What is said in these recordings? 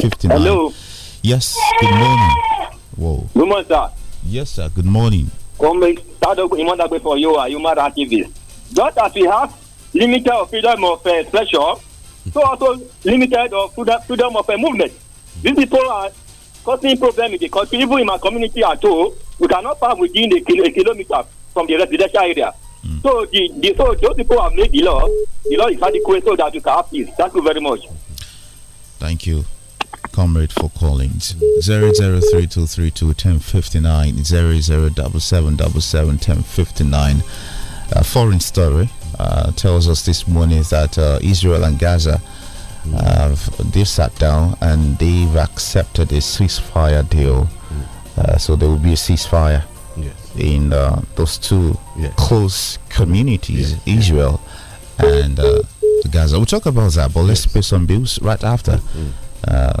59. Hello. Yes, good morning. Whoa. Good morning, sir. Yes, sir. Good morning. Comrade Tadog Imandagbe for you, a uh, human TV. Just as we have limited of freedom of uh, expression, so also limited of freedom of uh, movement. These people are causing problems in the country. Even in my community at all, we cannot park within a, kil a kilometer from the residential area. Mm. So, the, the, so those people have made the law. The law is adequate so that you can have peace. Thank you very much. Thank you comrade for callings 003232 A foreign story uh, tells us this morning that uh, Israel and Gaza have they've sat down and they've accepted a ceasefire deal. Mm. Uh, so there will be a ceasefire yes. in uh, those two yes. close communities, yes. Israel and uh, Gaza. We'll talk about that, but let's pay some bills right after. Mm. Uh,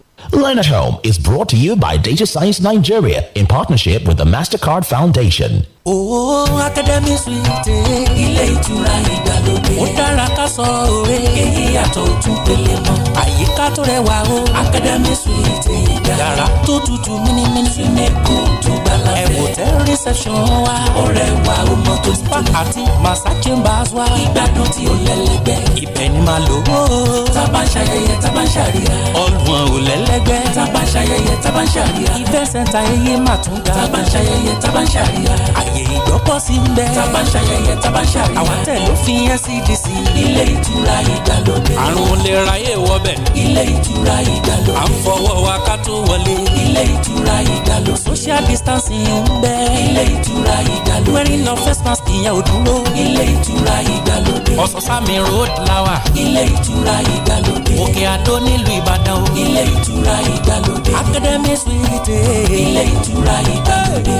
Learn at Home is brought to you by Data Science Nigeria in partnership with the MasterCard Foundation. Oo oh, Academy Suite. Ilé ìtura ìgbàlódé. Ó dára ká sọ òwe. Èyí yàtọ̀ ojú pele mọ́. Àyíká tó rẹwà o. Academy Suite ìgbà. Yàrá tó tutù mímímí. Súnmẹ́kù tó gbàlá fẹ́. Hotel reception wa. Ọ̀rẹ́ wa ó mọ tó ti tó. Àti Massa Chambers wa. Ìgbádùn tí ó lẹ́lẹ́gbẹ́. Ibẹ̀ ni màá lò ó. Tábà ń ṣayẹyẹ, tábà ń ṣàríyá. Ọlùwọ̀n ò lẹ́lẹ́gbẹ́. Tábà ń ṣayẹyẹ, tábà ń ṣàríyá. Ìfẹ́ sẹ́ńtà ẹyẹ mà tún ga. Tábà ń ṣayẹyẹ, tábà ń ṣàríyá ààyè ìgbọ́kọ̀sí ń bẹ. tá a bá ń ṣayẹyẹ tá a bá ń ṣàríyá. àwọn tẹ̀ ló fi NCDC. ilé ìtura ìdàlódé. àrùn olè ráyè wọbẹ̀. ilé ìtura ìdàlódé. à ń fọwọ́ wa ká tó wọlé. ilé ìtura ìdàlódé. social distancing ń bẹ. ilé ìtura ìdàlódé. wearing no face mask ìyẹn ò dúró. ilé ìtura ìdàlódé. ọ̀sánsámi road lawa. ilé ìtura ìdàlódé. òkè àdó nílùú ìbàdàn o. ilé ìtura ìdàlódé. academy suite. ilé ìtura ìdàlódé.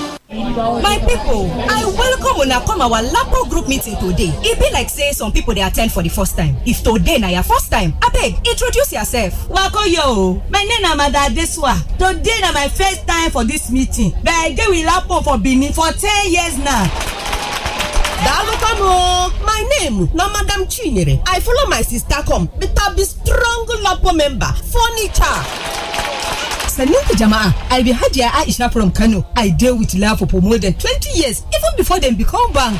my people, i welcome una come our lapo group meeting today e be like say some people they attend for the first time if today na your first time abeg introduce yourself. Wako yo, my name is mada adesuwa today na my first time for this meeting but i get with lapo for benin for ten years now. daalụkwanụ my name na madam chinyere i follow my sister come but I be strong lapo member fonicha I've jama'a i be aisha from kano i deal with lapo for more than twenty years even before them become bank.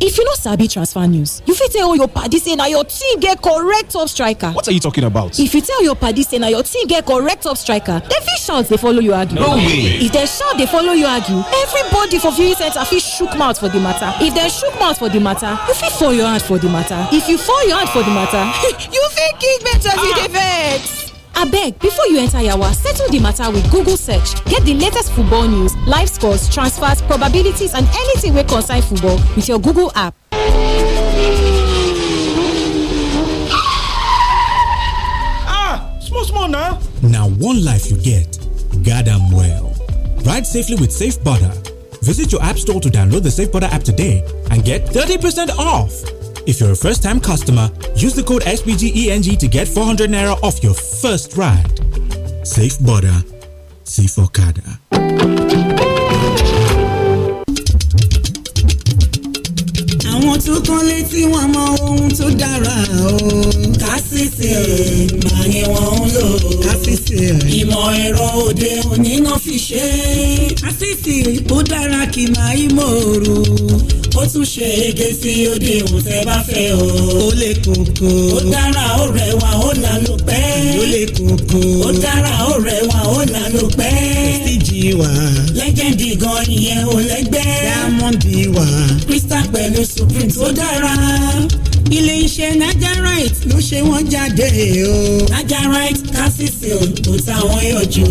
if you no sabi transfer news you fit tell all your padi say na your team get correct top striker what are you talking about if you tell your padi say na your team get correct top striker dem fit shout dey follow you argue no way if dem shout dey follow you argue everybody for viewing centre fit shook mouth for di matter if dem shook mouth for di matter you fit fall your hand for di matter if you fall your hand for di matter you fit kick me to you dey vex abeg before you enter yawa settle the matter with google search get the latest football news live scores transfers probabilities and anything wey concern football with your google app. ah small small na. Now one life you get guard well. ride safely with safe border visit your app store to download the safe border app today and get 30% off. If you're a first time customer, use the code SBGENG to get 400 Naira off your first ride. Safe border, safe Okada. àwọn tó kán létí wọn mọ ohun tó dára o. kásìsì máa ni wọ́n ń lò. kásìsì ìmọ̀ ẹ̀rọ òde òní náà fi ṣe kásìsì ó dára kì máa ó tún ṣe ege sí odi ìwò tẹ́ bá fẹ́ o. ó lè kókó. ó dára ó rẹwà ó là ló pẹ́. ó lè kókó. ó dára ó rẹwà ó là ló pẹ́. prestige wà. lẹ́gẹ̀dì gan ìyẹn ò lẹ́gbẹ́. diamond wà. crystal pẹ̀lú supreme tó dára ilé iṣẹ́ Nigerite ló ṣe wọ́n jáde o. Nigerite calcium kò táwọn yọjú.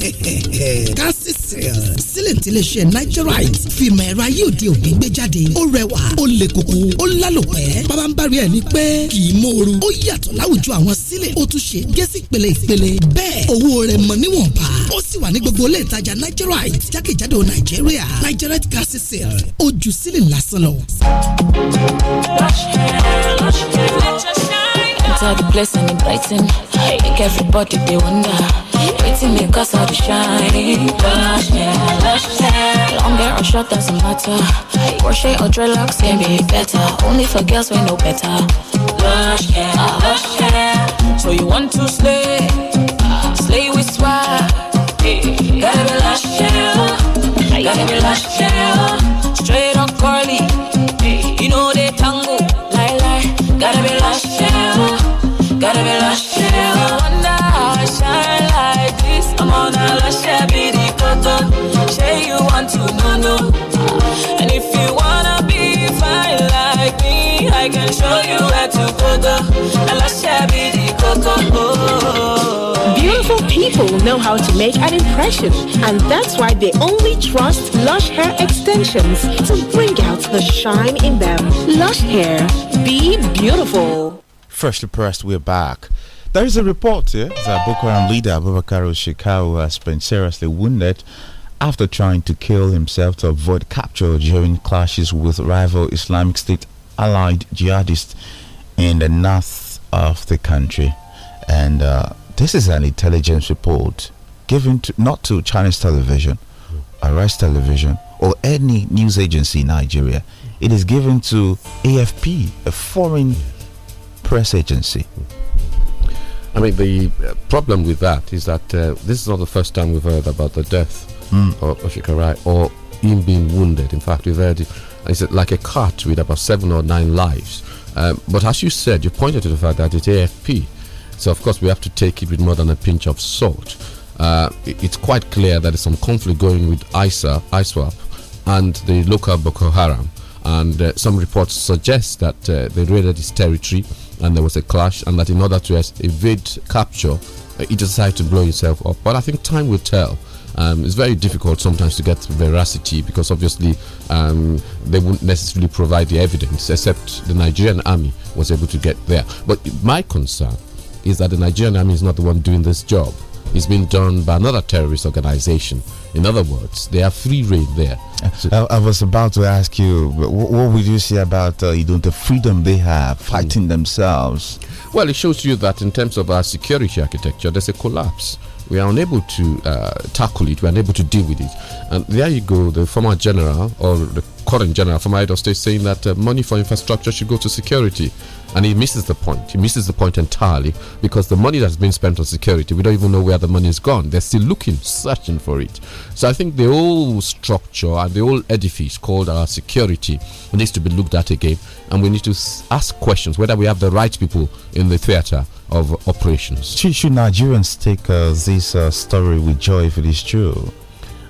calcium lè tilẹ̀ ṣe nigerite fìmọ̀ ẹ̀rọ ayé òde òní gbé jáde ó rẹwà ó le koko ó lálòpẹ́ bàbá ń bari ẹ̀ ní pẹ́ kì í mòoru ó yàtọ̀ láwùjọ àwọn sílẹ̀ ó tún ṣe gẹ́sì pèlè ìpèlè bẹ́ẹ̀ owó rẹ̀ mọ̀ níwọ̀nba ó sì wà ní gbogbo ilé ìtajà nigerite jákèjádò nàìjíríà nigerite gas sale ojú sílẹ̀ lásán lọ. lush hair lush hair let your shine. it's all the blessing and blessing make everybody dey wonder. Hating me cause all be shine Lush hair, lush hair Long hair or short doesn't matter Crochet or dreadlocks can be better Only for girls we know better Lush hair, lush hair So you want to slay Slay with swag Gotta be lush hair Gotta be lush hair Straight or curly to go go. be the coco. Beautiful people know how to make an impression, and that's why they only trust Lush Hair Extensions to bring out the shine in them. Lush Hair, be beautiful. Freshly pressed, we're back. There is a report here that Boko Haram leader Abubakar Shekau has been seriously wounded after trying to kill himself to avoid capture during clashes with rival Islamic State allied jihadists in the north of the country. And uh, this is an intelligence report given to, not to Chinese television, hmm. Arise Television, or any news agency in Nigeria. It is given to AFP, a foreign press agency. I mean, the uh, problem with that is that uh, this is not the first time we've heard about the death mm. of Oshikarai or him being wounded. In fact, we've heard it's like a cart with about seven or nine lives. Um, but as you said, you pointed to the fact that it's AFP. So, of course, we have to take it with more than a pinch of salt. Uh, it's quite clear that there's some conflict going with ISA, ISWAP and the local Boko Haram. And uh, some reports suggest that uh, they raided his territory and there was a clash, and that in order to evade capture, uh, he decided to blow himself up. But I think time will tell. Um, it's very difficult sometimes to get veracity because obviously um, they wouldn't necessarily provide the evidence, except the Nigerian army was able to get there. But my concern is that the Nigerian army is not the one doing this job. It's been done by another terrorist organization. In other words, they are free reign there. So I, I, was about to ask you, what, what would you say about uh, you know the freedom they have fighting mm. themselves? Well, it shows you that in terms of our security architecture, there's a collapse we are unable to uh, tackle it, we are unable to deal with it. And there you go, the former general or the current general from Idaho State saying that uh, money for infrastructure should go to security. And he misses the point. He misses the point entirely because the money that's been spent on security, we don't even know where the money is gone. They're still looking, searching for it. So I think the whole structure and the whole edifice called our security needs to be looked at again. And we need to ask questions whether we have the right people in the theater of operations. Should, Nigerians take uh, this uh, story with joy if it is true?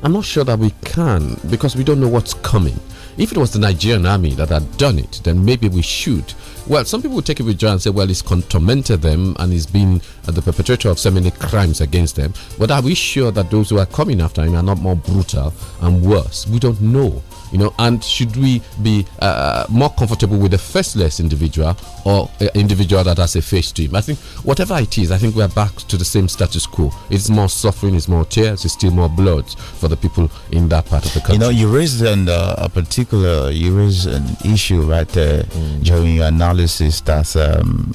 I'm not sure that we can because we don't know what's coming. If it was the Nigerian army that had done it, then maybe we should. Well, some people take it with joy and say, well, it's tormented them and he's been uh, the perpetrator of so many crimes against them. But are we sure that those who are coming after him are not more brutal and worse? We don't know you know, and should we be uh, uh, more comfortable with a faceless individual or an individual that has a face to him? I think whatever it is, I think we are back to the same status quo. It's more suffering, it's more tears, it's still more blood for the people in that part of the country. You know, you raised an, uh, a particular, you raised an issue right there mm. during your analysis that um,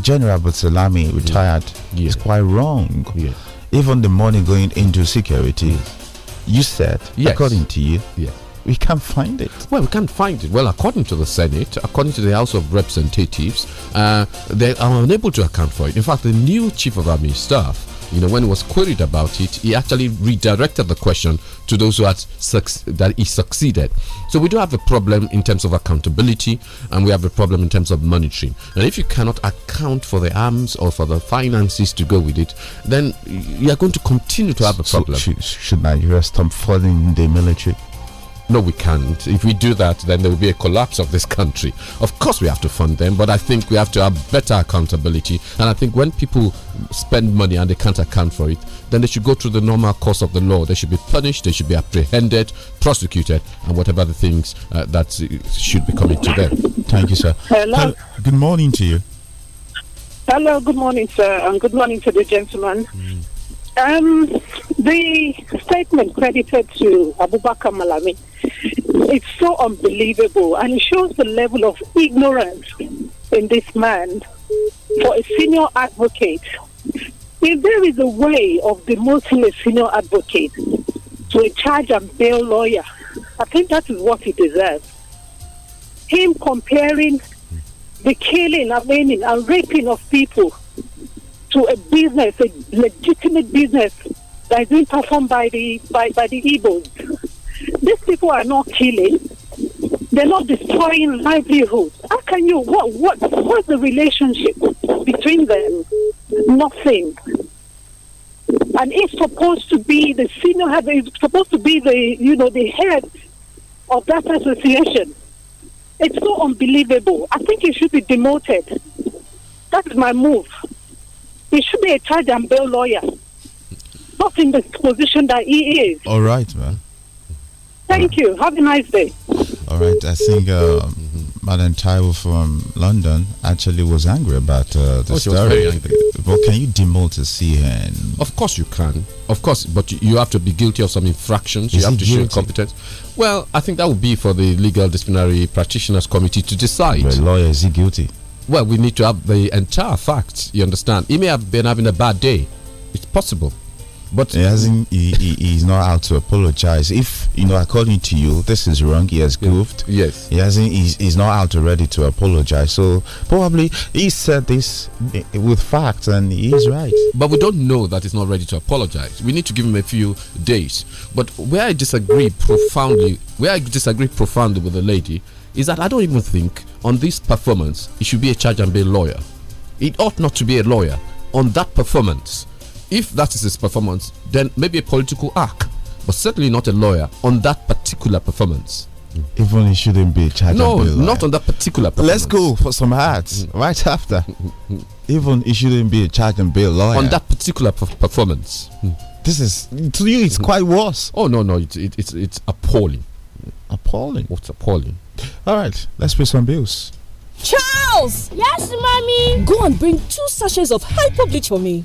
General Butsalami retired yeah. is quite wrong. Yeah. Even the money going into security, yes. you said, yes. according to you, yes we can't find it. Well, we can't find it. Well, according to the Senate, according to the House of Representatives, uh, they are unable to account for it. In fact, the new chief of army staff you know, when he was queried about it, he actually redirected the question to those who had that he succeeded. So we do have a problem in terms of accountability, and we have a problem in terms of monitoring. And if you cannot account for the arms or for the finances to go with it, then you are going to continue to have a problem. should, should Nigeria stop funding the military? No, we can't. If we do that, then there will be a collapse of this country. Of course, we have to fund them, but I think we have to have better accountability. And I think when people spend money and they can't account for it, then they should go through the normal course of the law. They should be punished, they should be apprehended, prosecuted, and whatever the things uh, that should be coming to them. Thank you, sir. Hello. Hello. Good morning to you. Hello, good morning, sir, and good morning to the gentleman. Mm. Um, the statement credited to Abubakar Malami it's so unbelievable, and it shows the level of ignorance in this man for a senior advocate. If there is a way of demoting a senior advocate to a charge and bail lawyer, I think that is what he deserves. Him comparing the killing, I and raping of people to a business, a legitimate business that is being performed by the by, by the Igbos. These people are not killing. They're not destroying livelihoods. How can you? What? What? What's the relationship between them? Nothing. And it's supposed to be the senior head. It's supposed to be the you know the head of that association. It's so unbelievable. I think he should be demoted. That is my move. He should be a charge and bail lawyer, not in the position that he is. All right, man. Thank you. Have a nice day. All right. I think uh, Madam Taiwo from London actually was angry about uh, the oh, story. Well, can you demote a CN? Of course you can. Of course, but you have to be guilty of some infractions. Is you have to show competence. Well, I think that would be for the Legal Disciplinary Practitioners Committee to decide. The lawyer is he guilty? Well, we need to have the entire facts. You understand? He may have been having a bad day. It's possible. But he hasn't. He, he, he's not out to apologize. If you know, according to you, this is wrong. He has goofed. Yes. He hasn't. He's, he's not out already to apologize. So probably he said this with facts, and he's right. But we don't know that he's not ready to apologize. We need to give him a few days. But where I disagree profoundly, where I disagree profoundly with the lady, is that I don't even think on this performance he should be a charge and bail lawyer. It ought not to be a lawyer on that performance if that is his performance, then maybe a political arc, but certainly not a lawyer on that particular performance. Even he shouldn't be charged. No, not on that particular. Let's go for some ads mm-hmm. right after. Mm-hmm. Even he shouldn't be charged and bail lawyer on that particular performance. Mm. This is to you, it's mm-hmm. quite worse. Oh no, no, it's it, it's it's appalling. Appalling. What's appalling? All right, let's pay some bills. Charles! Yes, mommy? Go and bring two sachets of hyper bleach for me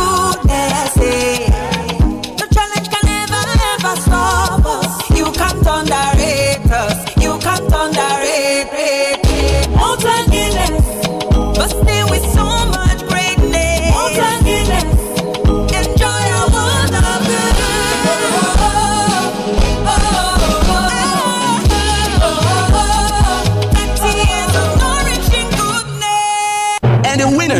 ¡Gracias!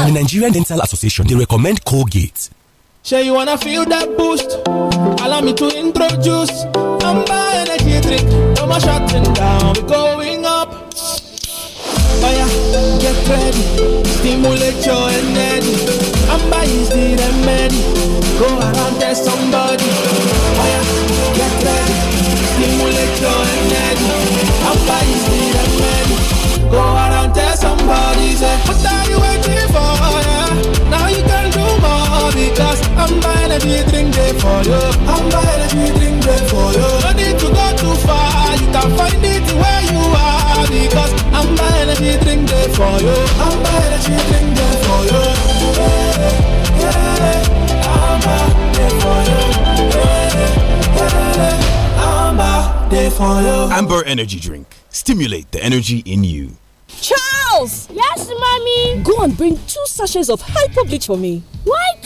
Now, the Nigerian Dental Association, they recommend Colgate. Sure, you wanna feel that boost? Allow me to introduce Amber Energy Drink. No more shutting down, we're going up. Fire, get ready, stimulate your energy. Amber is the remedy. Go around, somebody. the drink there for you. I'm buy the drink there for you. No need to go too far, you can find it where you are. Because I'm buy the drink there for you. I'm buy the drink for you. there for you. Amber Energy Drink. Stimulate the energy in you. Charles! Yes, mommy? Go and bring two sachets of hyper bleach for me. What?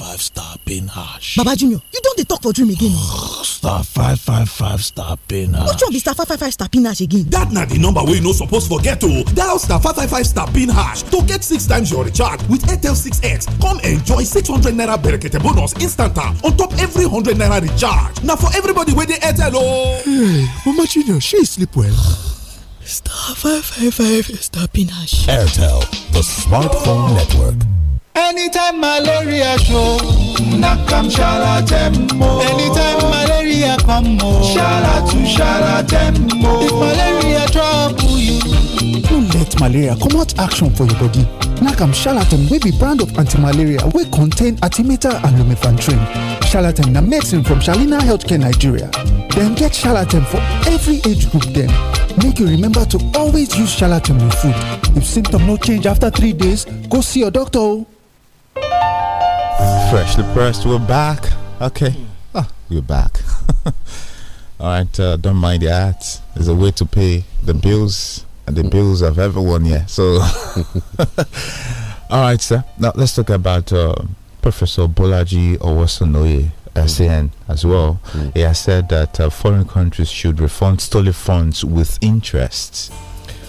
five star pin hash. baba junior you don't dey talk for dream again star five five five star pin hash. which one be star five five five star pin hash again. That na the number wey you no suppose forget o oh. dial star five five five star pin hash to get six times your recharge with airtel 6x come enjoy six hundred naira berekete bonus instant ah, on top every hundred naira recharge na for everybody wey dey airtel o. Oh. hey mama junior she sleep well. star five five five star pin hash. airtel the smartphone network. Anytime malaria show, Nakam am shalatemmo. Oh. Anytime malaria come, shalatu oh. shalatemmo. Oh. If malaria trouble you, no let malaria come out. action for your body. Nakam am shalatem wey be brand of anti-malaria wey contain artimata and lumefantrine. Charlatan na medicine from Shalina Healthcare Nigeria. Then get Charlatan for every age group Then Make you remember to always use Charlatan with food. If symptoms no change after three days, go see your doctor o. Freshly pressed, we're back. Okay. Hmm. Ah, we're back. All right, uh, don't mind the ads. There's a way to pay the bills and the bills of everyone here. So, all right, sir. Now let's talk about uh, Professor Bolaji Owasonoye, hmm. SAN, as well. Hmm. He has said that uh, foreign countries should refund stolen funds with interest.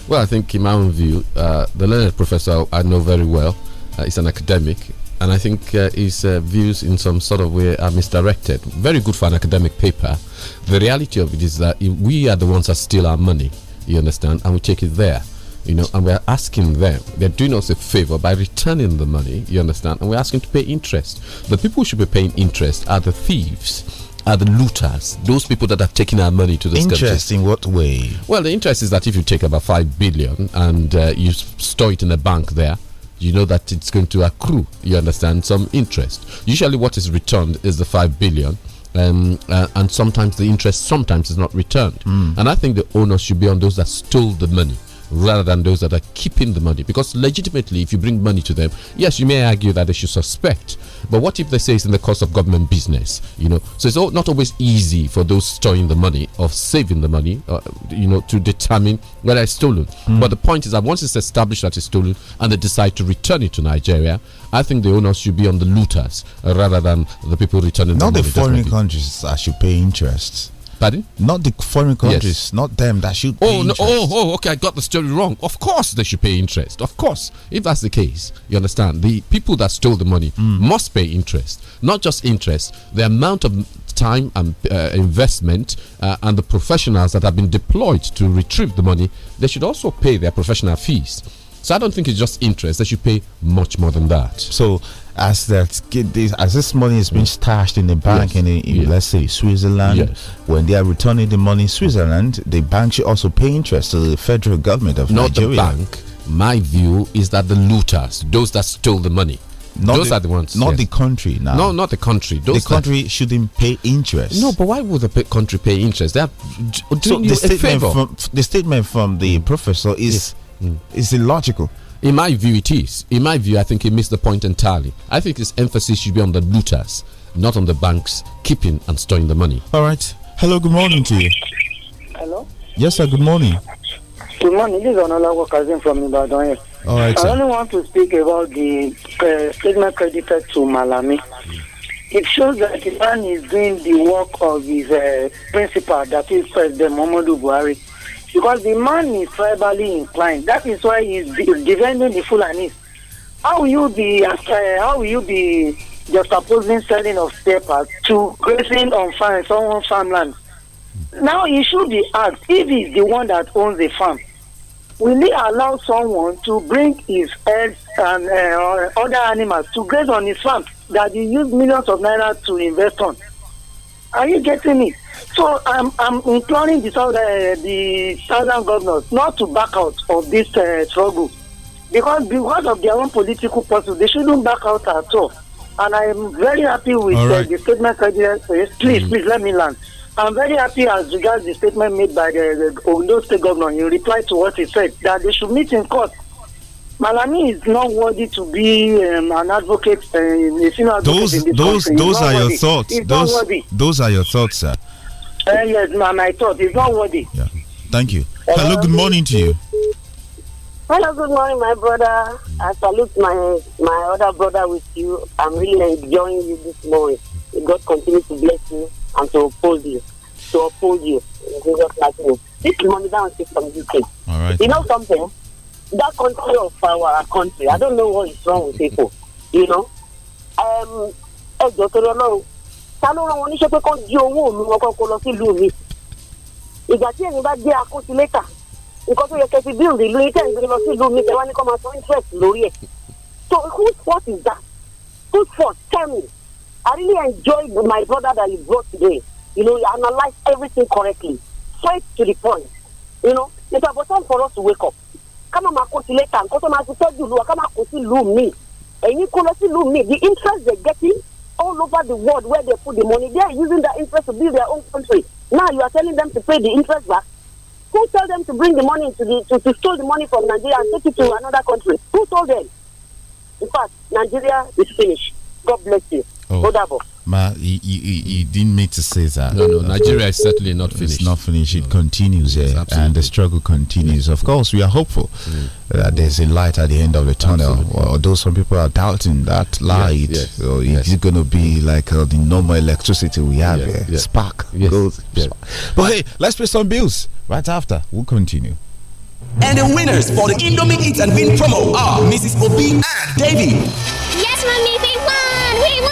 Well, I think, in my own view, uh, the learned professor I know very well uh, he's an academic, and I think uh, his uh, views in some sort of way are misdirected. Very good for an academic paper. The reality of it is that we are the ones that steal our money, you understand, and we take it there. You know, and we're asking them, they're doing us a favor by returning the money, you understand, and we're asking to pay interest. The people who should be paying interest are the thieves are the looters, those people that have taken our money to the interest country. in what way? Well, the interest is that if you take about five billion and uh, you store it in a bank there, you know that it's going to accrue, you understand, some interest. Usually, what is returned is the 5 billion. Um, uh, and sometimes the interest sometimes is not returned. Mm. And I think the owners should be on those that stole the money rather than those that are keeping the money. Because legitimately, if you bring money to them, yes, you may argue that they should suspect. But what if they say it's in the course of government business? You know, so it's all, not always easy for those storing the money or saving the money, uh, you know, to determine whether it's stolen. Mm. But the point is that once it's established that it's stolen and they decide to return it to Nigeria, I think the owners should be on the looters uh, rather than the people returning. Not the, money, the foreign definitely. countries that should pay interest Pardon? Not the foreign countries, yes. not them that should. Oh interest. Oh, oh, okay. I got the story wrong. Of course, they should pay interest. Of course, if that's the case, you understand. The people that stole the money mm. must pay interest. Not just interest. The amount of time and uh, investment uh, and the professionals that have been deployed to retrieve the money, they should also pay their professional fees. So I don't think it's just interest. They should pay much more than that. So as that this, as this money is being stashed in the bank yes. in, in yes. let's say Switzerland, yes. when they are returning the money in Switzerland, the bank should also pay interest to the federal government of Not Nigeria. Not the bank. My view is that the looters, those that stole the money, not those the, are the ones. Not yes. the country now. No, not the country. Those the country that, shouldn't pay interest. No, but why would the pay country pay interest? That so the statement From, the statement from the mm. professor is mm. is illogical. In my view, it is. In my view, I think he missed the point entirely. I think his emphasis should be on the looters, not on the banks keeping and storing the money. All right. Hello, good morning to you. Hello? Yes, sir, good morning. Good morning. This is Onolawo Kazim from Ibadan. All right, I only want to speak about the uh, statement credited to Malami. It shows that the man is doing the work of his uh, principal, that is President Muhammadu Buhari because the man is tribally inclined. That is why he's defending the Fulanis. How will you be uh, how will you be just opposing selling of papers to grazing on farm, someone's farmland? Now he should be asked if he's the one that owns the farm. Will he allow someone to bring his herds and uh, other animals to graze on his farm that he used millions of naira to invest on? Are you getting it? So I'm, I'm imploring the, southern uh, the southern governors not to back out of this uh, struggle because because of their own political purpose they shouldn't back out at all. And I'm very happy with uh, right. uh, the statement president uh, says. Please, mm. please let me land. I'm very happy as regards the statement made by the, the Ondo State Governor in reply to what he said that they should meet in court. Malami is not worthy to be um, an advocate, uh, advocate those, those, those are your thoughts. those, those are your thoughts, sir. Uh, eh, yes, ma'am, I thought it's not worthy. Yeah. Thank you. Hello. Hello, good morning to you. Hello, good morning, my brother. I salute my my other brother with you. I'm really enjoying you this morning. God continue to bless you and to uphold you. To uphold you. This money down is from UK. All right. You know something? That country of our country, I don't know what is wrong with people. You know? Um, ta ló rán wọn níṣẹ́ pé kán jí owó òlu wọn kán kó lọ sílùú mi ìgbà tí èmi bá jẹ́ akóṣilétà nǹkan tó yẹ kẹ́ fi ìlú yìí tẹ̀sí lọ sílùú mi tẹ̀wá ní kọ́ máa san interest lórí ẹ̀ so whose fault is that whose fault tell me I really enjoyed my brother that you brought today you know you analyse everything correctly straight to the point you know it's about time for us to wake up ká má máa kó sí létà nǹkan tó máa fi tọ́jú ìlú wa ká má kó sí ìlú mi ẹ̀yin kó lọ sí ìlú mi the interest they're getting all over the world where they put the money. They are using that interest to build their own country. Now you are telling them to pay the interest back. Who told them to bring the money to the to, to steal the money from Nigeria and take it to another country? Who told them? In fact, Nigeria is finished. God bless you. Oh. Odabo. Ma, he, he, he, didn't mean to say that. No, no, Nigeria is certainly not finished. It's not finished. It no. continues, yes, yeah, and the struggle continues. Of course, we are hopeful mm. that there's a light at the end of the tunnel. Absolutely. Although some people are doubting that light, yes, yes, so is it going to be like uh, the normal electricity we have yes, here? Spark goes. But hey, let's pay some bills right after. We'll continue. And the winners for the Indomie Eat and Win promo are Mrs. Obi and Davy. Yes, mommy, we won! We won!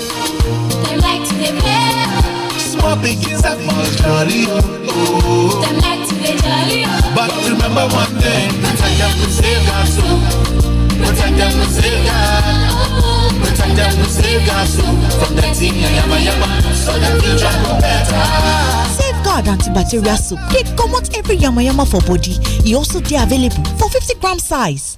begins at most jolly, oh. Them like to be jolly, oh. But remember one thing, protect them to save our soul. Protect them to save our Protect them to save our soul. From that thing, I am a yama, so the future will better. Safeguard antibacterial soap. They come out every yama yama for body. It also they available for 50 gram size.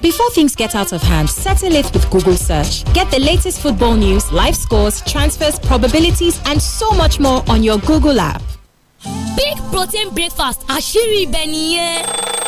Before things get out of hand, settle it with Google search. Get the latest football news, live scores, transfers, probabilities, and so much more on your Google app. Big protein breakfast, Ashiri ibẹ̀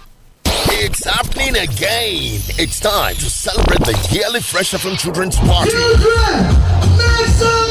It's happening again. It's time to celebrate the yearly Fresh from Children's Party. Children, make some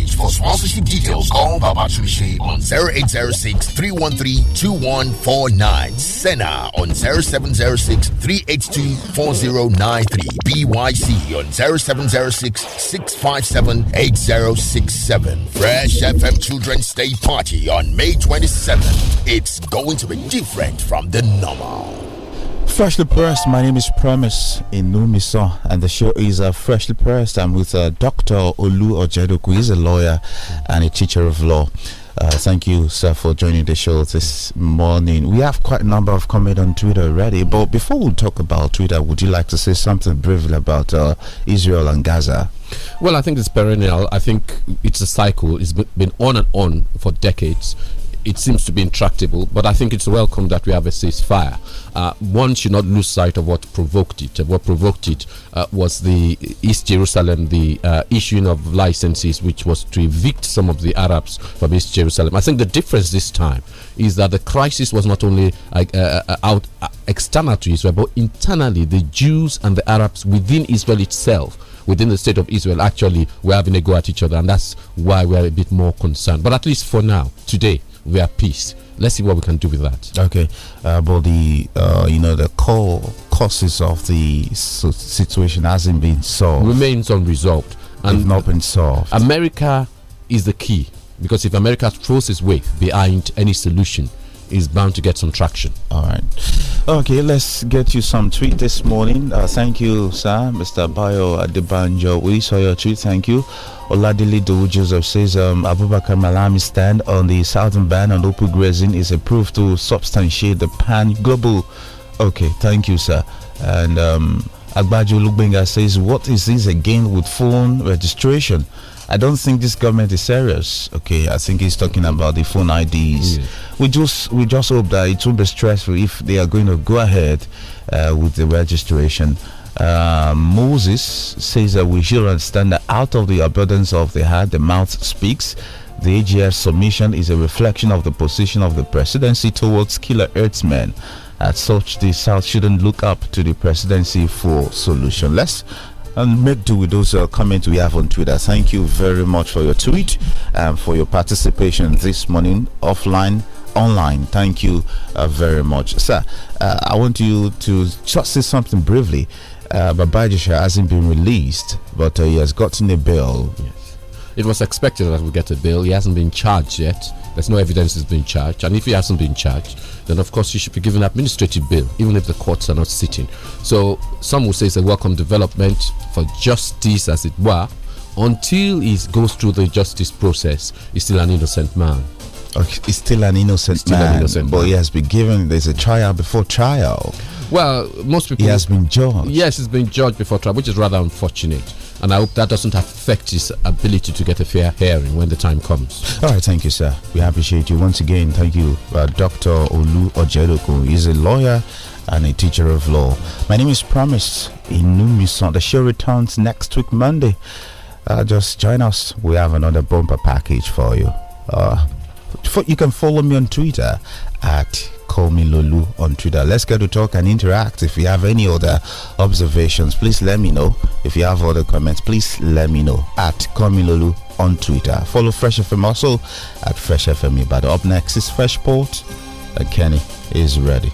page for sponsorship details. Call Baba Chumishe on 0806-313-2149. Senna on 0706-382-4093. BYC on 0706-657-8067. Fresh FM Children's Day Party on May 27th. It's going to be different from the normal. Freshly Pressed, my name is Promise Inumison, and the show is uh, Freshly Pressed. I'm with uh, Dr. Olu Ojedoku, he's a lawyer and a teacher of law. Uh, thank you, sir, for joining the show this morning. We have quite a number of comments on Twitter already, but before we talk about Twitter, would you like to say something briefly about uh, Israel and Gaza? Well, I think it's perennial. I think it's a cycle. It's been on and on for decades it seems to be intractable, but I think it's welcome that we have a ceasefire. Uh, one should not lose sight of what provoked it. Uh, what provoked it uh, was the East Jerusalem, the uh, issuing of licenses, which was to evict some of the Arabs from East Jerusalem. I think the difference this time is that the crisis was not only uh, uh, out external to Israel, but internally, the Jews and the Arabs within Israel itself within the state of Israel actually we're having a go at each other, and that's why we're a bit more concerned. But at least for now, today, we are peace. Let's see what we can do with that. Okay, uh, but the uh, you know the core causes of the situation hasn't been solved. Remains unresolved and They've not been solved. America is the key because if America throws its weight behind any solution, is bound to get some traction. All right. Okay, let's get you some tweet this morning. Uh, thank you, sir, Mr. Bayo Adibanjo. We saw your tweet. Thank you. Oladili Dou Joseph says um, Abubakar Malami's stand on the southern ban on opal grazing is approved to substantiate the pan global. Okay, thank you, sir. And um, Agbajo Lugbenga says, What is this again with phone registration? I don't think this government is serious. Okay, I think he's talking about the phone IDs. We just we just hope that it won't be stressful if they are going to go ahead uh, with the registration. Uh, Moses says that we should understand that out of the abundance of the heart, the mouth speaks. The AGS submission is a reflection of the position of the presidency towards killer earthmen. As such, the South shouldn't look up to the presidency for solution. Let's and make do with those uh, comments we have on Twitter. Thank you very much for your tweet and for your participation this morning, offline, online. Thank you uh, very much, sir. Uh, I want you to just say something briefly. Uh, Babajisha hasn't been released, but uh, he has gotten a bail. Yes it was expected that we get a bill. He hasn't been charged yet. There's no evidence he's been charged. And if he hasn't been charged, then of course he should be given administrative bill, even if the courts are not sitting. So some will say it's a welcome development for justice, as it were. Until he goes through the justice process, he's still an innocent man. Okay, he's still an innocent still man, an innocent but man. he has been given. There's a trial before trial. Well, most people. He has been judged. Yes, he's been judged before trial, which is rather unfortunate. And I hope that doesn't affect his ability to get a fair hearing when the time comes. All right, thank you, sir. We appreciate you once again. Thank you, uh, Dr. Olu Ojeroku. He's a lawyer and a teacher of law. My name is Promise Inumison. The show returns next week, Monday. Uh, just join us. We have another bumper package for you. Uh, you can follow me on Twitter at call me Lulu on Twitter. Let's get to talk and interact. If you have any other observations, please let me know. If you have other comments, please let me know at call me Lulu on Twitter. Follow Fresh FM also at Fresh FM But Up next is Fresh Port. And Kenny is ready.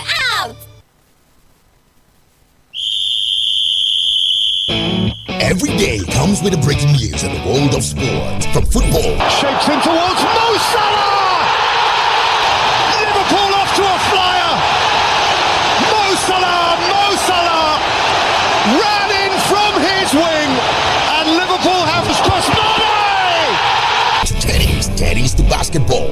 Every day comes with a breaking news in the world of sports. From football, shapes in towards Mo Salah. Liverpool off to a flyer. Mo Salah, Mo Salah ran in from his wing, and Liverpool have crossed Mane. To tennis, tennis to basketball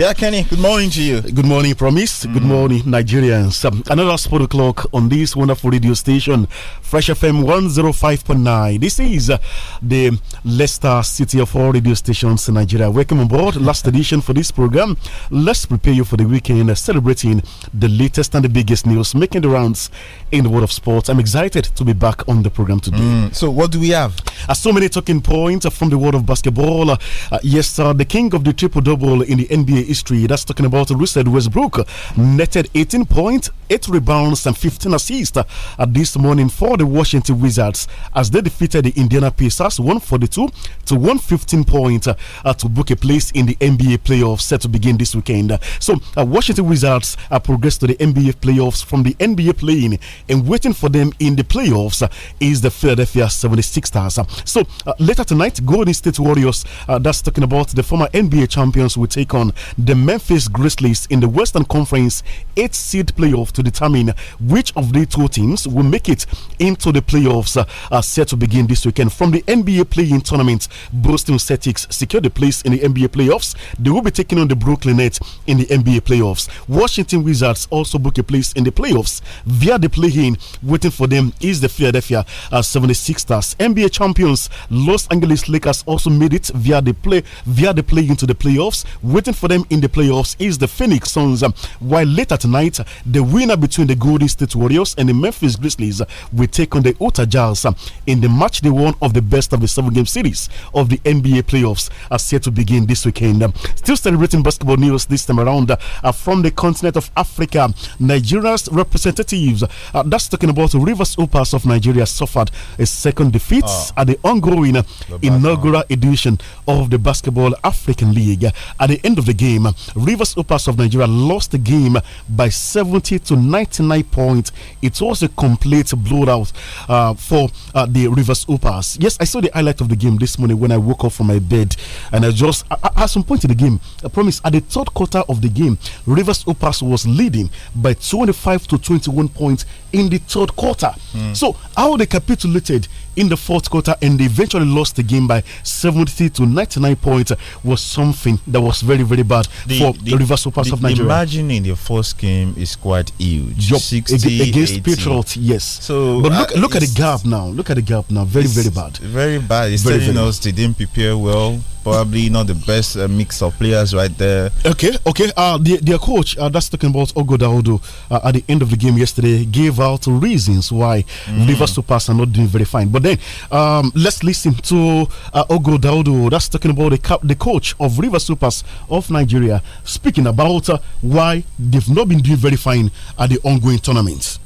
Yeah, Kenny, good morning to you. Good morning, Promise. Mm. Good morning, Nigerians. Um, another sport o'clock on this wonderful radio station, Fresh FM 105.9. This is uh, the Leicester City of all radio stations in Nigeria. Welcome aboard. Mm. Last edition for this program. Let's prepare you for the weekend, uh, celebrating the latest and the biggest news making the rounds in the world of sports. I'm excited to be back on the program today. Mm. So, what do we have? Uh, so many talking points uh, from the world of basketball. Uh, uh, yes, sir, the king of the triple double in the NBA history. That's talking about Russell Westbrook. Netted 18 points, 8 rebounds, and 15 assists at this morning for the Washington Wizards as they defeated the Indiana Pacers 142 to 115 points uh, to book a place in the NBA playoffs set to begin this weekend. So, uh, Washington Wizards uh, progressed to the NBA playoffs from the NBA playing and waiting for them in the playoffs is the Philadelphia 76ers. So, uh, later tonight, Golden State Warriors, uh, that's talking about the former NBA champions, will take on the Memphis Grizzlies in the Western Conference eight seed playoff to determine which of the two teams will make it into the playoffs uh, are set to begin this weekend. From the NBA playing tournament, Boston Celtics secured the place in the NBA playoffs. They will be taking on the Brooklyn Nets in the NBA playoffs. Washington Wizards also book a place in the playoffs via the play-in. Waiting for them is the Philadelphia uh, 76ers. NBA champions Los Angeles Lakers also made it via the play via the play into the playoffs. Waiting for them them in the playoffs is the Phoenix Suns. While later tonight, the winner between the Golden State Warriors and the Memphis Grizzlies will take on the Utah Jazz in the match they one of the best of the seven game series of the NBA playoffs are set to begin this weekend. Still celebrating basketball news this time around uh, from the continent of Africa. Nigeria's representatives, uh, that's talking about Rivers Upas of Nigeria, suffered a second defeat ah. at the ongoing the inaugural edition of the Basketball African League. At the end of the game, game. Rivers Opas of Nigeria lost the game by 70 to 99 points. It was a complete blowout uh, for uh, the Rivers Opas. Yes, I saw the highlight of the game this morning when I woke up from my bed, and I just at some point in the game, I promise, at the third quarter of the game, Rivers Opas was leading by 25 to 21 points in the third quarter. Mm. So how they capitulated in the fourth quarter and eventually lost the game by 70 to 99 points was something that was very, very bad the, for the, the River Super the, of Nigeria. The margin in the first game is quite huge. Yep. 60, against 80. Patriots, yes. So, but look, uh, look at the gap now. Look at the gap now. Very, very bad. Very bad. It's very, telling very us they didn't prepare well probably not the best uh, mix of players right there. Okay, okay. Uh, the, their coach, uh, that's talking about Ogo Daudu, uh, at the end of the game yesterday, gave out reasons why mm. Liverpool Supers are not doing very fine. But then um, let's listen to uh, Ogo Daudu, that's talking about the, cap, the coach of River Supers of Nigeria, speaking about uh, why they've not been doing very fine at the ongoing tournament.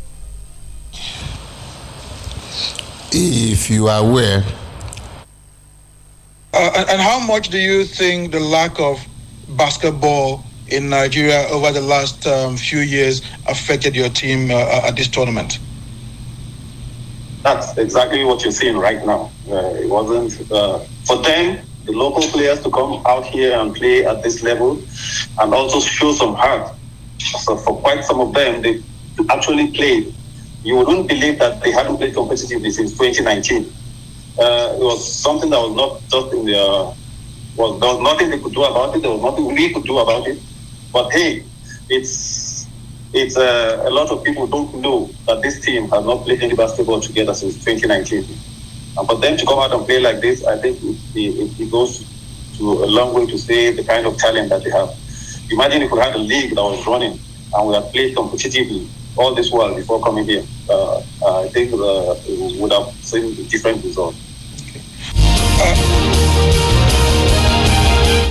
If you are aware, uh, and, and how much do you think the lack of basketball in Nigeria over the last um, few years affected your team uh, uh, at this tournament? That's exactly what you're seeing right now. Uh, it wasn't uh, for them, the local players, to come out here and play at this level and also show some heart. So for quite some of them, they actually played. You wouldn't believe that they hadn't played competitively since 2019 uh, it was something that was not just in the uh, was there was nothing they could do about it. There was nothing we could do about it. But hey, it's it's uh, a lot of people don't know that this team has not played any basketball together since 2019. And for them to come out and play like this, I think it, it, it goes to a long way to say the kind of talent that they have. Imagine if we had a league that was running and we had played competitively all this while before coming here, uh, I think uh, would have seen different results. Okay. Uh,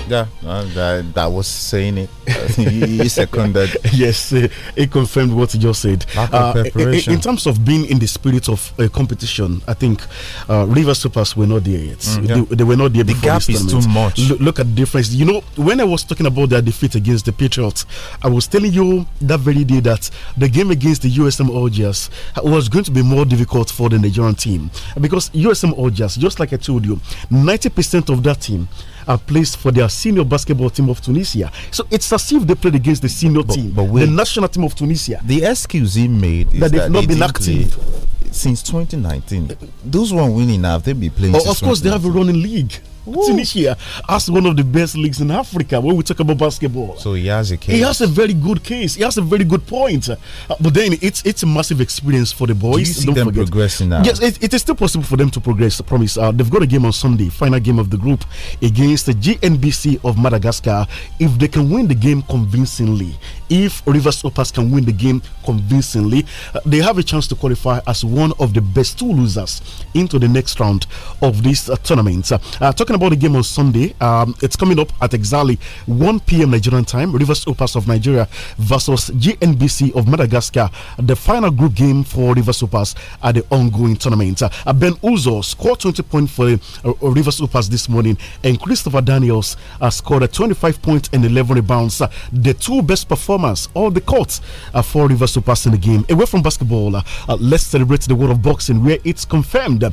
yeah, uh, that, that was saying it. he seconded. yes, uh, he confirmed what he just said. Uh, in terms of being in the spirit of uh, competition, I think uh, River Supers were not there yet. Mm, mm-hmm. yeah. they, they, were not there the before. The gap is too much. L look at the difference. You know, when I was talking about their defeat against the Patriots, I was telling you that very day that the game against the USM Algiers was going to be more difficult for the Nigerian team because USM Algiers, just like I told you, 90% of that team a place for their senior basketball team of Tunisia. So it's as if they played against the senior but, team, but wait, the national team of Tunisia. The excuse he made that they've that not they been active. Play. Since 2019, those one winning have they been playing? Oh, of course, they have a running league this Tunisia has one of the best leagues in Africa when we talk about basketball. So he has a case. He has a very good case. He has a very good point. Uh, but then it's it's a massive experience for the boys. Do you see Don't them forget. progressing now? Yes, it, it is still possible for them to progress. I promise. Uh, they've got a game on Sunday, final game of the group against the GNBC of Madagascar. If they can win the game convincingly, if Rivers Opas can win the game convincingly, uh, they have a chance to qualify as one of the best two losers into the next round of this uh, tournament. Uh, talking talking about the game on Sunday, um, it's coming up at exactly 1 p.m. Nigerian time. Rivers Opas of Nigeria versus GNBC of Madagascar, the final group game for Rivers Opas at the ongoing tournament. Uh, ben Uzo scored 20 points for uh, Rivers Opas this morning, and Christopher Daniels uh, scored 25 points and 11 rebounds. Uh, the two best performers on the court uh, for Rivers Opas in the game. Away from basketball, uh, uh, let's celebrate the world of boxing, where it's confirmed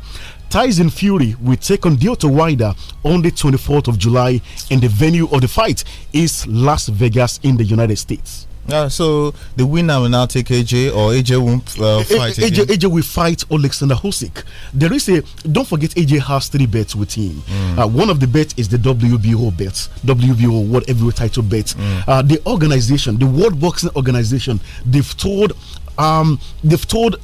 Tyson Fury will take on Deontay Wilder on the 24th of July, and the venue of the fight is Las Vegas in the United States. Uh, so the winner will now take AJ, or AJ won't uh, fight. AJ, AJ, will fight Alexander Husik. There is a don't forget AJ has three bets with him. Mm. Uh, one of the bets is the WBO bet, WBO World Heavyweight Title bet. Mm. Uh, the organization, the World Boxing Organization, they've told, um, they've told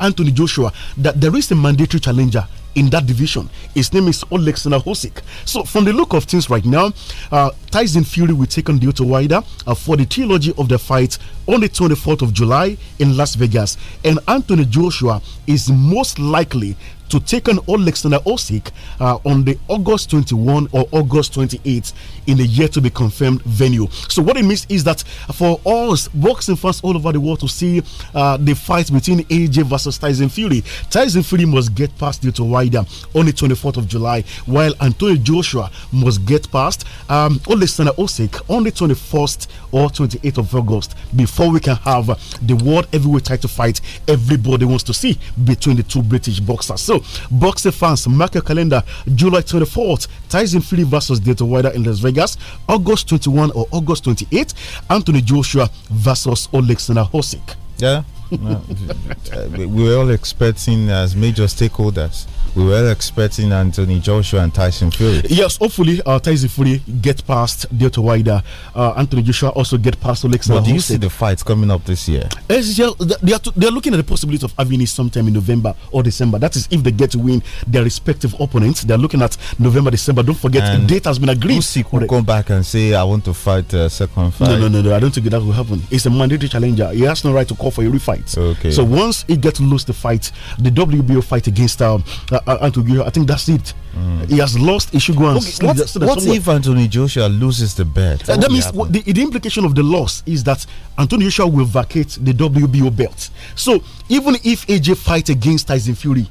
Anthony Joshua that there is a mandatory challenger in that division. His name is Oleksandr Hosik. So, from the look of things right now, uh, Tyson Fury will take on Deontay Wilder uh, for the trilogy of the fight on the 24th of July in Las Vegas. And Anthony Joshua is most likely to take on Alexander Osik uh, on the August 21 or August 28 in the yet to be confirmed venue. So what it means is that for us boxing fans all over the world to see uh, the fight between AJ versus Tyson Fury, Tyson Fury must get past Dito Wider on the 24th of July, while Antonio Joshua must get past um, Alexander Osik on the 21st or 28th of August before we can have the world heavyweight title fight everybody wants to see between the two British boxers. So boxing fans, mark your calendar. July 24th, Tyson Fury versus Dayton Wilder in Las Vegas. August 21 or August 28th, Anthony Joshua versus Oleksandr Hosik. Yeah. no, we were all expecting as major stakeholders we were expecting Anthony Joshua and Tyson Fury. Yes, hopefully uh, Tyson Fury get past Deontay Wilder. Uh, Anthony Joshua also get past Alexander. But do you see the fights coming up this year? It's they are they are looking at the possibility of having it sometime in November or December. That is if they get to win their respective opponents. They are looking at November, December. Don't forget, and date has been agreed. Usyk will come back and say, "I want to fight uh, second fight." No, no, no, no. I don't think that will happen. It's a mandatory challenger. He has no right to call for a refight. Okay. So once he gets to lose the fight, the WBO fight against um, uh, Antogio, I think that's it. Mm. He has lost. He should go and What, so what if Anthony Joshua loses the bet? Uh, that means what, the, the implication of the loss is that Anthony Joshua will vacate the WBO belt. So even if AJ fights against Tyson Fury,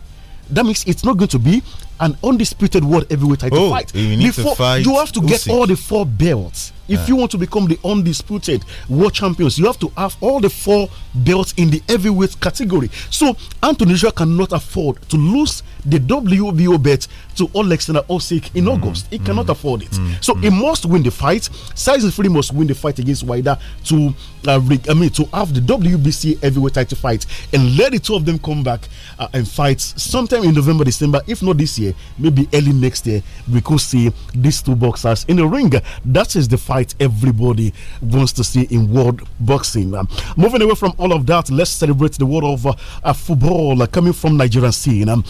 that means it's not going to be an undisputed world heavyweight title oh, fight. You Before, fight you have to get all the four belts. If yeah. you want to become the undisputed world champions, you have to have all the four belts in the heavyweight category. So Anthony Joshua cannot afford to lose the WBO bet to Oleksandr Osik in mm. August. He cannot mm. afford it. Mm. So he mm. must win the fight. Size Free must win the fight against Wider to uh, I mean to have the WBC heavyweight title fight and let the two of them come back uh, and fight sometime in November, December, if not this year, maybe early next year, we could see these two boxers in the ring. That is the fight everybody wants to see in world boxing. Um, moving away from all of that, let's celebrate the world of uh, football uh, coming from Nigerian scene. Um,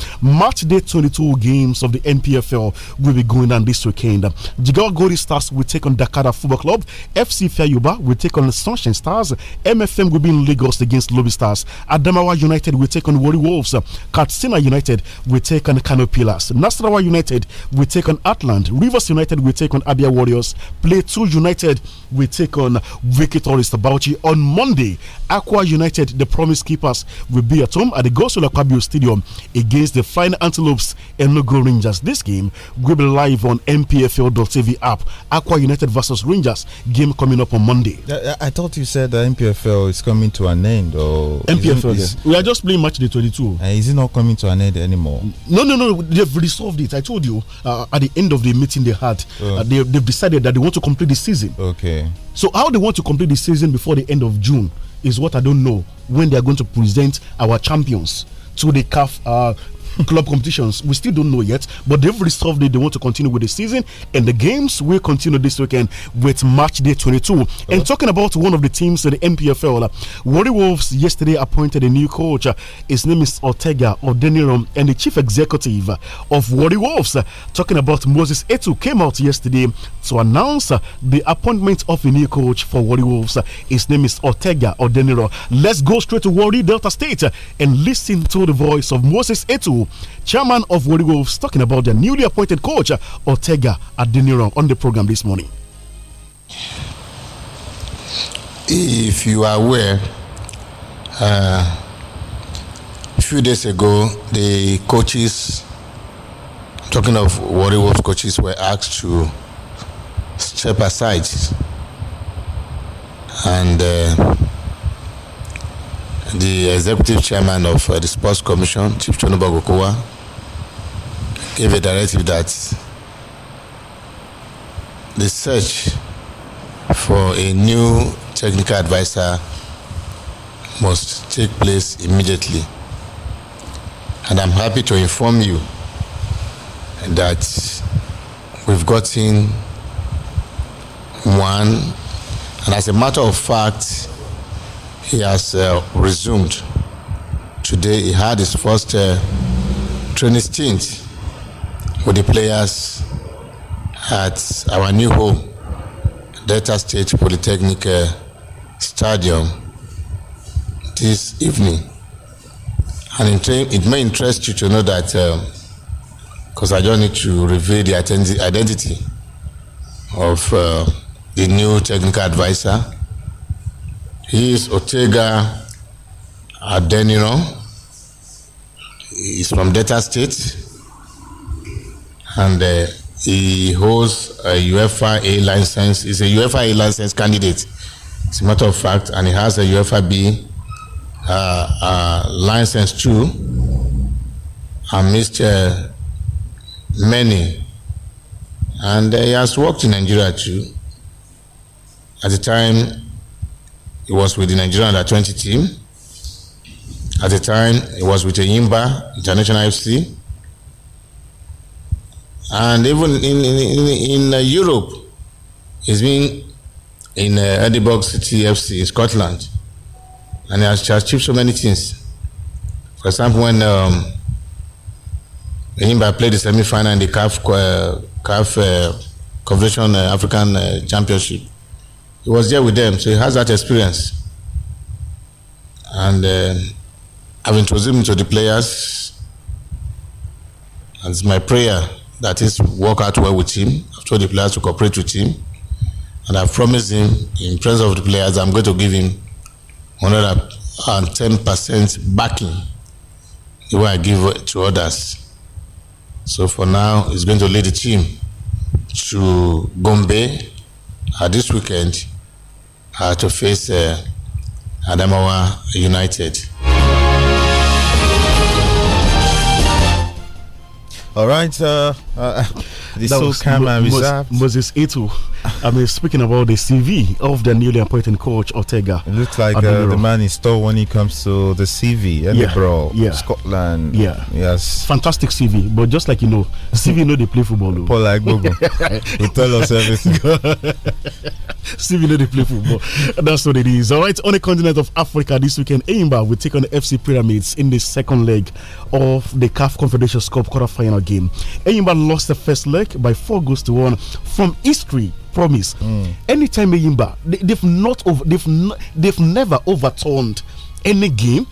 match day 22 games of the NPFL will be going on this weekend. Jigawa Gori Stars will take on Dakar Football Club. FC Fayuba will take on Sunshine Stars. MFM will be in Lagos against Lobby Stars. Adamawa United will take on Wari Wolves. Katsina United will take on Kano Pillars. Nasrawa United will take on Atland. Rivers United will take on Abia Warriors. Two United will take on Vicky Tabauchi. On Monday, Aqua United, the promise keepers, will be at home at the Gosula Kabu Stadium against the final Antelopes and Logo Rangers. This game will be live on mpfl.tv app. Aqua United versus Rangers game coming up on Monday. I, I thought you said that MPFL is coming to an end. Or MPFL, is, we are just playing match day 22. Uh, is it not coming to an end anymore? No, no, no. They've resolved it. I told you uh, at the end of the meeting they had, oh. uh, they, they've decided that they want to complete the season. Okay. So how they want to complete the season before the end of June is what I don't know when they are going to present our champions to the CAF uh, club competitions. We still don't know yet, but they've resolved it. They want to continue with the season, and the games will continue this weekend with match day 22. Uh -huh. And talking about one of the teams in the MPFL, uh, Wolves yesterday appointed a new coach. Uh, his name is Ortega Ordenirum, and the chief executive uh, of Worry Wolves, uh, talking about Moses Etu, came out yesterday to announce uh, the appointment of a new coach for Worry Wolves. Uh, his name is Ortega Ordenirum. Let's go straight to Worry Delta State and listen to the voice of Moses Etu chairman of Worigo, talking about their newly appointed coach, uh, Ortega Adeniran, on the program this morning. If you are aware, uh, a few days ago, the coaches, talking of Warriors coaches, were asked to step aside and uh, the executive chairman of uh, the sports commission, Chief Chonuba Gokowa, gave a directive that the search for a new technical advisor must take place immediately. And I'm happy to inform you that we've gotten one, and as a matter of fact, he has uh, resumed. Today he had his first uh, training stint with the players at our new home, Delta State Polytechnic uh, Stadium, this evening. And it, may interest you to know that, because um, I don't need to reveal the identity of uh, the new technical advisor he is Otega Adeniro. He's from Delta State. And uh, he holds a UFA A license. He's a UFA A license candidate, as a matter of fact, and he has a UFA B uh, uh, license too. And Mr. Many. And uh, he has worked in Nigeria too. At the time, he was with the Nigerian under 20 team. At the time, he was with a Yimba International FC. And even in, in, in, in uh, Europe, he's been in uh, Edinburgh City FC in Scotland. And he has achieved so many things. For example, when um, Yimba played the semi final in the CAF, uh, CAF uh, Confederation uh, African uh, Championship, he was there with them, so he has that experience. And uh, I've introduced him to the players, and it's my prayer that that is work out well with him. I've told the players to cooperate with him, and I've promised him, in presence of the players, I'm going to give him 110% backing the way I give to others. So for now, he's going to lead the team to Gombe uh, this weekend uh, to face uh, Adamawa United. All right, uh, uh, the so calm Moses Ito. I mean, speaking about the CV of the newly appointed coach Ortega. It looks like uh, the man is tall when it comes to the CV. Eh, yeah, yeah, yeah. Scotland. Yeah, yes, fantastic CV. But just like you know, CV know they play football. Though. Paul Agbobo, he tell us everything. CV know they play football. That's what it is. All right, on the continent of Africa this weekend, Eimba will take on the FC Pyramids in the second leg of the CAF Confederation Cup quarterfinal game. Eyimba lost the first leg by four goals to one from history promise. Mm. Anytime Eyimba, they, have not over, they've they've never overturned any game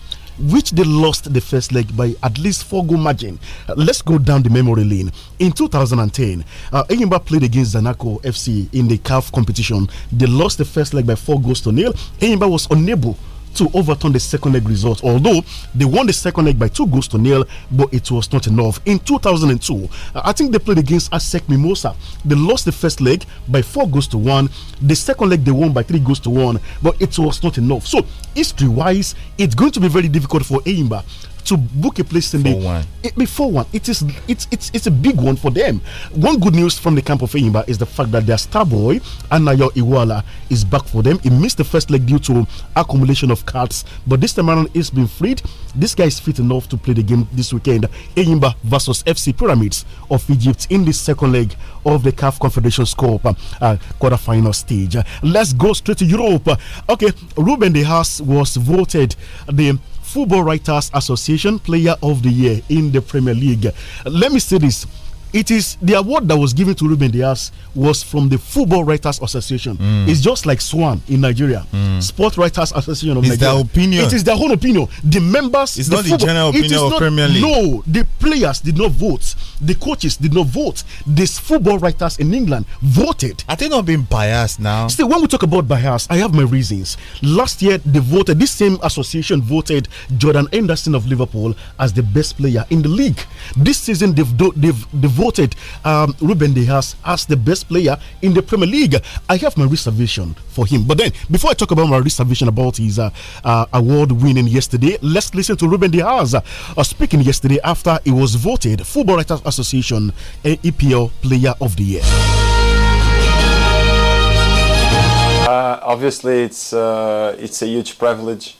which they lost the first leg by at least four goal margin. Uh, let's go down the memory lane. In 2010, uh, played against Zanaco FC in the CAF competition. They lost the first leg by four goals to nil. Enyimba was unable to overturn the second leg result. Although they won the second leg by two goals to nil, but it was not enough. In 2002, I think they played against ASEC Mimosa. They lost the first leg by four goals to one. The second leg they won by three goals to one, but it was not enough. So history-wise, it's going to be very difficult for Aimba to book a place in four the one. It, before one. It is it's it's it's a big one for them. One good news from the camp of Enyimba is the fact that their star boy Anayo Iwala is back for them. He missed the first leg due to accumulation of cards, but this time around he's been freed. This guy is fit enough to play the game this weekend. Enyimba versus FC Pyramids of Egypt in the second leg of the CAF Confederation Cup uh, quarter-final stage. let's go straight to Europe. okay, Ruben De Haas was voted the Football Writers Association Player of the Year in the Premier League. Let me say this it is the award that was given to Ruben Diaz was from the Football Writers Association. Mm. It's just like Swan in Nigeria, mm. Sport Writers Association of it's Nigeria. It's their opinion. It is their own opinion. The members. It's the not football, the general opinion of not, Premier League. No, the players did not vote. The coaches did not vote. This football writers in England voted. Are they not being biased now. See, when we talk about bias, I have my reasons. Last year, they voted. This same association voted Jordan Anderson of Liverpool as the best player in the league. This season, they've they've, they've Voted, um, Ruben Dias as the best player in the Premier League. I have my reservation for him. But then, before I talk about my reservation about his uh, uh, award winning yesterday, let's listen to Ruben Dias uh, speaking yesterday after he was voted Football Writers Association EPL Player of the Year. Uh, obviously, it's uh, it's a huge privilege.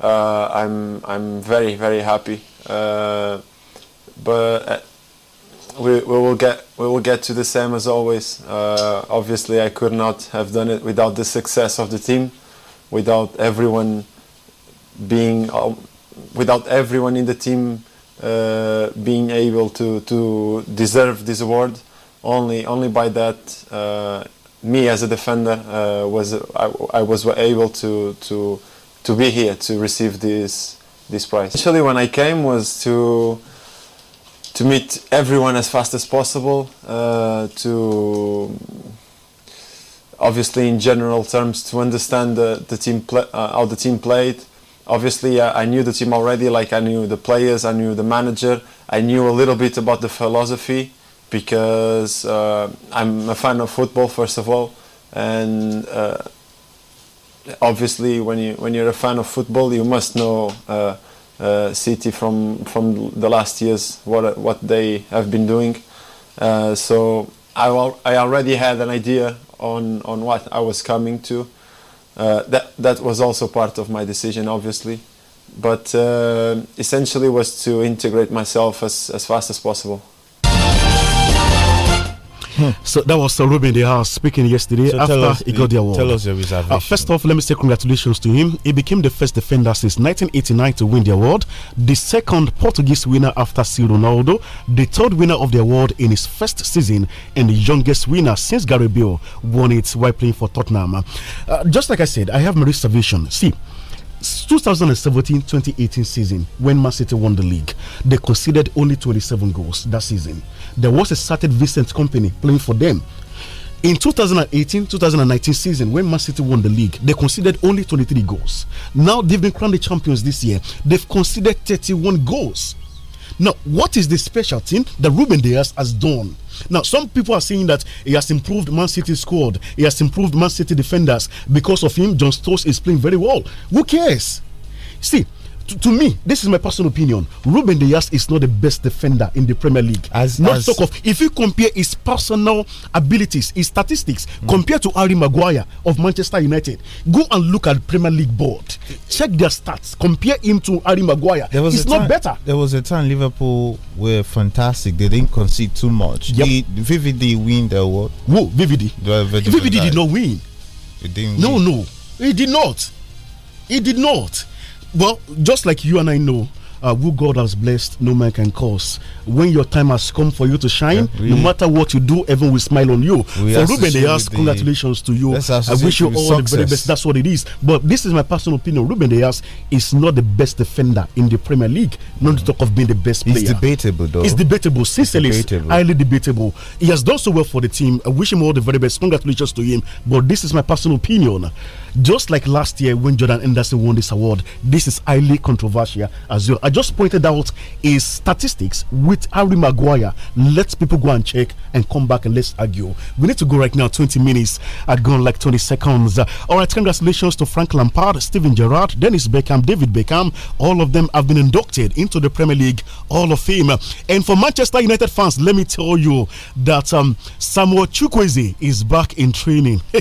Uh, I'm I'm very very happy, but we, we will get we will get to the same as always. Uh, obviously, I could not have done it without the success of the team, without everyone being, uh, without everyone in the team uh, being able to to deserve this award. Only only by that, uh, me as a defender uh, was I, I was able to to to be here to receive this this prize. Actually, when I came was to to meet everyone as fast as possible, uh, to obviously in general terms to understand the, the team play, uh, how the team played. Obviously, I, I, knew the team already, like I knew the players, I knew the manager, I knew a little bit about the philosophy because uh, I'm a fan of football first of all, and uh, obviously when you when you're a fan of football, you must know uh, uh, city from from the last years what what they have been doing. Uh, so I, I already had an idea on on what I was coming to. Uh, that that was also part of my decision, obviously but uh, essentially was to integrate myself as, as fast as possible. So that was Sir Ruben the House speaking yesterday so after us, he got the award. Tell us your reservation. Uh, first off, let me say congratulations to him. He became the first defender since 1989 to win the award, the second Portuguese winner after C. Ronaldo, the third winner of the award in his first season, and the youngest winner since Gary Bill won it while playing for Tottenham. Uh, just like I said, I have my reservation. See, 2017-2018 season when Man City won the league, they conceded only 27 goals that season. There was a certain Vincent Company playing for them. In 2018-2019 season, when Man City won the league, they conceded only 23 goals. Now they've been crowned the champions this year. They've conceded 31 goals. Now, what is the special thing that Ruben Diaz has done? Now, some people are saying that he has improved Man City squad, he has improved Man City defenders. Because of him, John Stones is playing very well. Who cares? See, to, me, this is my personal opinion. Ruben Dias is not the best defender in the Premier League. As, not as, talk of if you compare his personal abilities, his statistics, mm. compared to Harry Maguire of Manchester United, go and look at Premier League board. Check their stats. Compare him to Harry Maguire. There was it's not time, better. There was a time Liverpool were fantastic. They didn't concede too much. Yep. They, VVD win the award. Who? VVD. VVD, VVD did not win. It didn't no, win. no, he did not. He did not well, just like you and I know, uh, who God has blessed, no man can curse. When your time has come for you to shine, yeah, no matter what you do, heaven will smile on you. We for Ruben, they ask, congratulations to you. I wish you all success. the very best. That's what it is. But this is my personal opinion. Ruben Diaz is not the best defender in the Premier League. Not to talk of being the best player. It's debatable, though. It's debatable. Sincerely, it's debatable. highly debatable. He has done so well for the team. I wish him all the very best. Congratulations to him. But this is my personal opinion. Just like last year when Jordan Henderson won this award, this is highly controversial as well. I just pointed out his statistics with Harry Maguire. Let people go and check and come back and let's argue. We need to go right now. 20 minutes I've gone like 20 seconds. Uh, all right, congratulations to Frank Lampard, Steven Gerrard, Dennis Beckham, David Beckham. All of them have been inducted into the Premier League Hall of Fame. And for Manchester United fans, let me tell you that um, Samuel Chukwueze is back in training.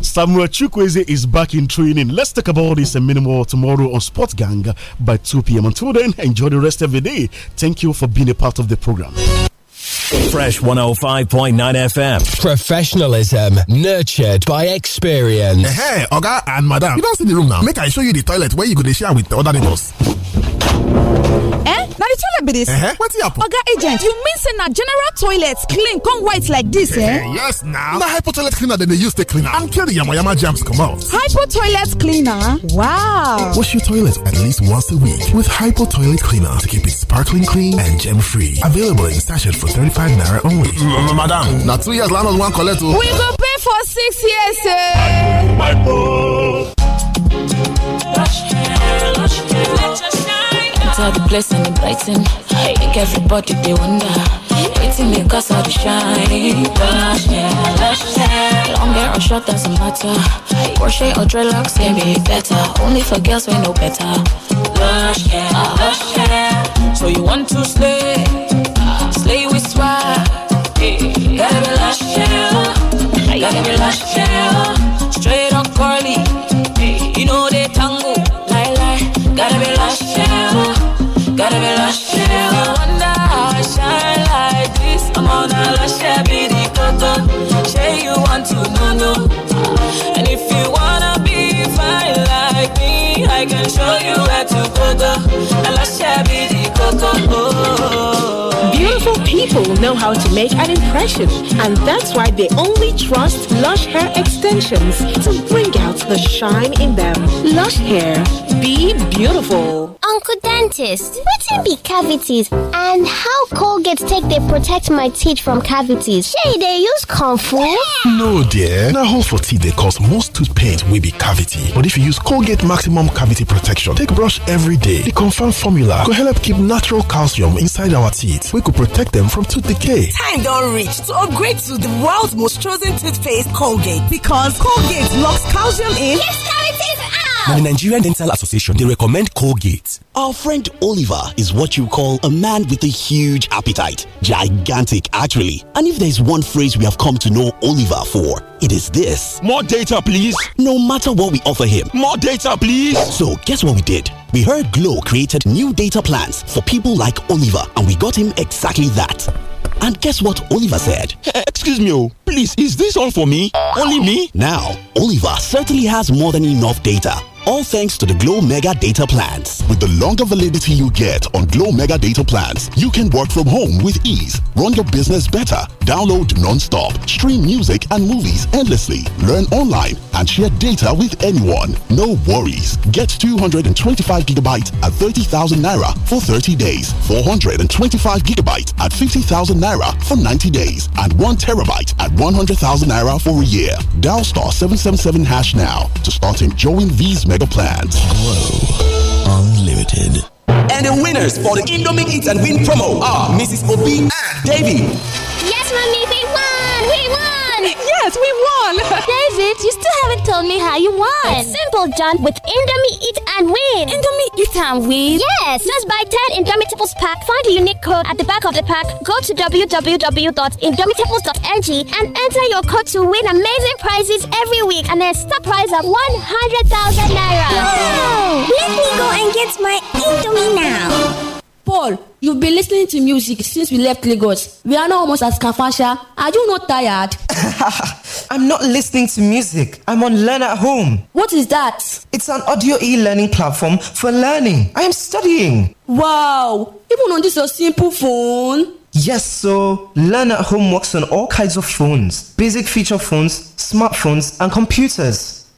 Samuel Chukwueze is back in training. Let's talk about this a minute more tomorrow on Sports Gang morning by 2 p.m. Until then, enjoy the rest of the day. Thank you for being a part of the program. Fresh 105.9 FM. Professionalism nurtured by experience. Hey, Oga and Madam, you don't see the room now. Make I show you the toilet where you could share with the other neighbors. Hey na the toilet be uh-huh. What's wetin happen. oga agent you mean say na general toilet clean come white like this, uh-huh. eh yes now. na hypo toilet cleaner than they use cleaner. clean am and kill the jams, come out. hypo toilet cleaner wow wash your toilet at least once a week with hypo toilet cleaner to keep it sparkling clean and germ free available in sachet for 35 naira only madam now two years land on one o we go pay for six years eh hypo hypo lush hair lush hair all the blessing and blighting. Make everybody they wonder. It's me cause all the shine. Lush hair, lush hair. Long hair or short doesn't matter. Crochet or dreadlocks can be better. Only for girls we know better. Lush hair, lush hair. So you want to slay? Ah, slay with swag. Gotta be lush hair. Gotta be lush hair. Straight or curly. I shine like this. I'm on a lush, be the Say you want to know, And if you wanna be fine like me, I can show you where to go, go. A lush, be know how to make an impression, and that's why they only trust Lush Hair Extensions to bring out the shine in them. Lush Hair, be beautiful. Uncle Dentist, what be cavities and how Colgate take they protect my teeth from cavities? Shay, they use comfort? No, dear. Now, hold for teeth they cause most tooth pain will be cavity. But if you use Colgate Maximum Cavity Protection, take brush every day. The confirmed formula could help keep natural calcium inside our teeth. We could protect them from tooth decay. Time don't reach to upgrade to the world's most chosen toothpaste, Colgate. Because Colgate locks calcium in. Yes, now, the Nigerian Dental Association, they recommend Colgate. Our friend Oliver is what you call a man with a huge appetite. Gigantic, actually. And if there's one phrase we have come to know Oliver for, it is this More data, please. No matter what we offer him, more data, please. So, guess what we did? We heard Glow created new data plans for people like Oliver, and we got him exactly that. And guess what Oliver said? Excuse me, oh, please, is this all for me? Only me? Now, Oliver certainly has more than enough data all thanks to the Glow Mega Data Plans. With the longer validity you get on Glow Mega Data Plans, you can work from home with ease, run your business better, download non-stop, stream music and movies endlessly, learn online, and share data with anyone. No worries. Get 225 gigabyte at 30,000 naira for 30 days, 425 gigabyte at 50,000 naira for 90 days, and 1 terabyte at 100,000 naira for a year. Dial star 777 hash now to start enjoying these mega plans. Glow Unlimited. And the winners for the Indomie Eat and Win promo are Mrs. Obi and Davy. Yes, mommy. Yes, we won! David, you still haven't told me how you won. It's simple, John. With Indomie Eat and Win. Indomie Eat and Win? Yes! Just buy 10 Indomitables pack, find a unique code at the back of the pack, go to www.indomitables.ng and enter your code to win amazing prizes every week and a stock prize of 100,000 Naira. Wow! Let me go and get my Indomie now. Paul, you've been listening to music since we left Lagos. We are now almost at Kafasha. Are you not tired? I'm not listening to music. I'm on Learn at Home. What is that? It's an audio e-learning platform for learning. I am studying. Wow! Even on this a simple phone? Yes, so Learn at Home works on all kinds of phones. Basic feature phones, smartphones, and computers.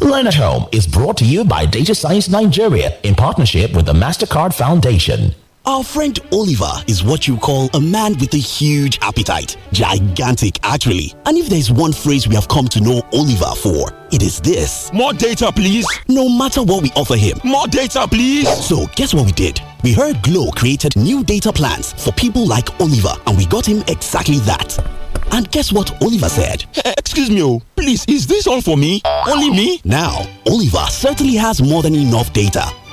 Learn at Home is brought to you by Data Science Nigeria in partnership with the MasterCard Foundation. Our friend Oliver is what you call a man with a huge appetite. Gigantic, actually. And if there's one phrase we have come to know Oliver for, it is this More data, please. No matter what we offer him, more data, please. So, guess what we did? We heard Glow created new data plans for people like Oliver, and we got him exactly that. And guess what Oliver said? Excuse me, oh, please, is this all for me? Only me? Now, Oliver certainly has more than enough data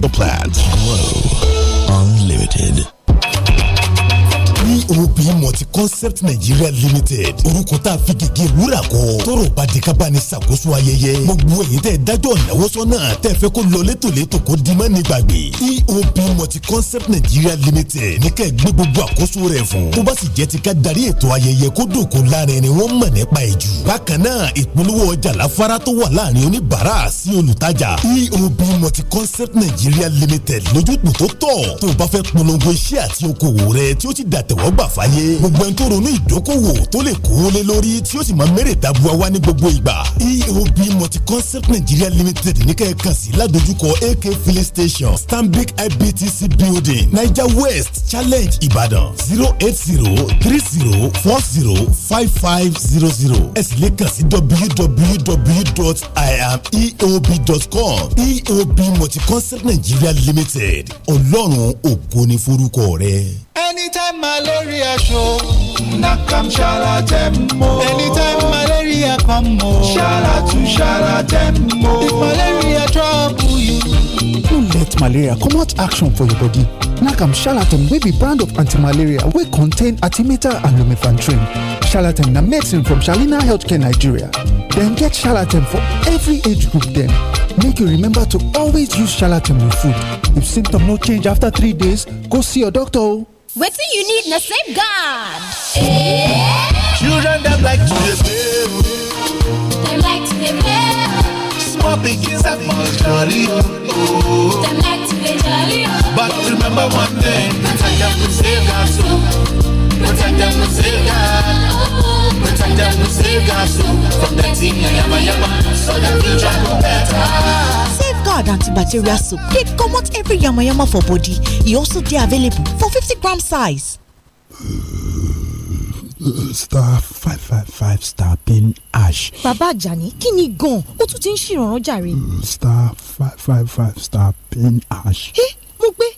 mega plans. Glow Unlimited. orúkọ ìmọ̀ concept nigeria limited orúkọ tá a fi gègé wúrà kọ tọrọ bá di ká bá ní ṣàkóso ayẹyẹ gbogbo èyí tẹ́ dájọ́ ìnáwó sọ́nà tẹ́ fẹ́ kó lọ létòlétò kó di mọ́ ní gbàgbé eob multi concept nigeria limited ní ká ẹ gbé gbogbo àkóso rẹ̀ fún tó bá sì jẹ́ ti ká darí ètò ayẹyẹ kó dòkó láàrin ni wọ́n mọ̀ nípa ẹ̀ jù bákan náà ìpolówó ọjà láfárá tó wà láàrin oníbàárà sí olùtajà eob multi concept nigeria limited lójútùú tó tọ́ tó o bá fẹ́ polongo iṣẹ́ àti okòwò rẹ tí ó ti dàtẹ̀wọ́ gbà fáyé gbogbo ẹni tó ronú ìdókòwò tó lè kó lé lórí tí ó sì máa mẹ́rẹ̀ dábúwa wá ní gbogbo ìgbà eob multi-concept nigeria limited ní kẹ́ẹ̀kan sí ládojúkọ ak filling station stanbic ibtc building naija west challenge ìbàdàn zero eight zero three zero four zero five five zero zero ẹ sì lè kàn sí www.iameob.com eob multi-concept nigeria limited ọlọ́run ògo ni forúkọ rẹ. anytime my lord malaria show. Nack shala dem Anytime malaria come mo. Shala to shala dem If malaria trouble you. No let malaria comot action for your body. Nakam am, shalatem wey be brand of anti-malaria wey contain artimata and lumefantrine. Shalatem na medicine from Shalina Healthcare Nigeria. Then get shalatem for every age group Then Make you remember to always use shalatem with food. If symptoms no change after three days, go see your doctor o. Oh. What do you need na safeguard. Children dem like to be play o. like to be play Small pikins that much jolly oh. They like to be jolly oh. But remember one thing, protect dem with safeguard so. Protect dem with safeguard. Protect dem with safeguard so. From dirty yama yama, so dem future will be better. safeguard antibacterial soap come comot every yamayama for body e also dey available for fifty gram size. star five five five star pin ash. bàbá àjàní kí ni gan-an ó tún ti ń ṣèrànràn jàre. star five five five star pin ash. ẹ eh, mo gbé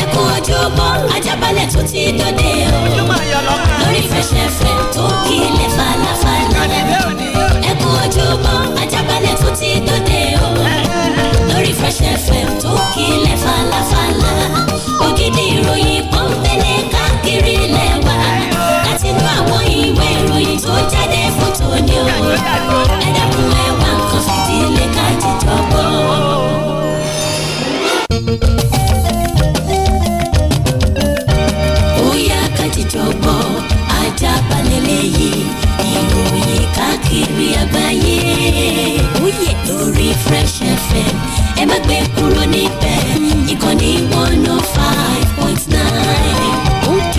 ẹkún ojúbọ ajábalẹ̀ tó ti dòde o lórí fẹsẹ̀fẹ̀ tó kílẹ̀ falafala ẹkún ojúbọ ajábalẹ̀ tó ti dòde o lórí fẹsẹ̀fẹ̀ tó kílẹ̀ falafala ògidì ìròyìn pọ́npẹ́lẹ́ káàkiri sínú àwọn ìwé ìròyìn tó jáde fún tòní o. ẹ dákun ẹ wá nǹkan fìdílé ká jíjọ gbọ́. ó ká jíjọ gbọ́ ajá balẹ̀ lẹ́yìn ìròyìn káàkiri àgbáyé. lórí Fresh FM ẹ má gbé kúrò níbẹ̀ ìkànnì one oh five point nine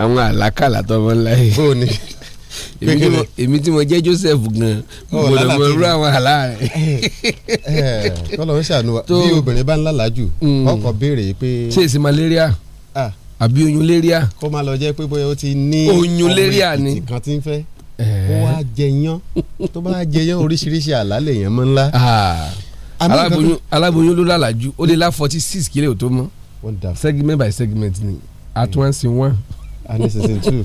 àwọn àlákàlà tó mọ ńlá yìí èmi tí mo jẹ́ Joseph gan mo lọ mọ irú àwọn àlá rẹ̀. kọ́lọ̀ ń ṣàánú bí obìnrin bá ń lálàájú hmm. ọkọ béèrè pé. ṣé èsì malaria ah. àbí oyún léríà. kó má lọ jẹ́ pé bóyá ó ti ní oyún léríà ni ọmọ ètìtì kan ti ń fẹ́ kó eh. wá jẹyán tó bá jẹyán oríṣiríṣi àlá lèèyàn mọ́ ńlá ah. aláboyún aláboyún ló lálàjú ó lè lá forty six kílẹ̀ ò tó mọ́ segment by segment ni at once in one and this is in two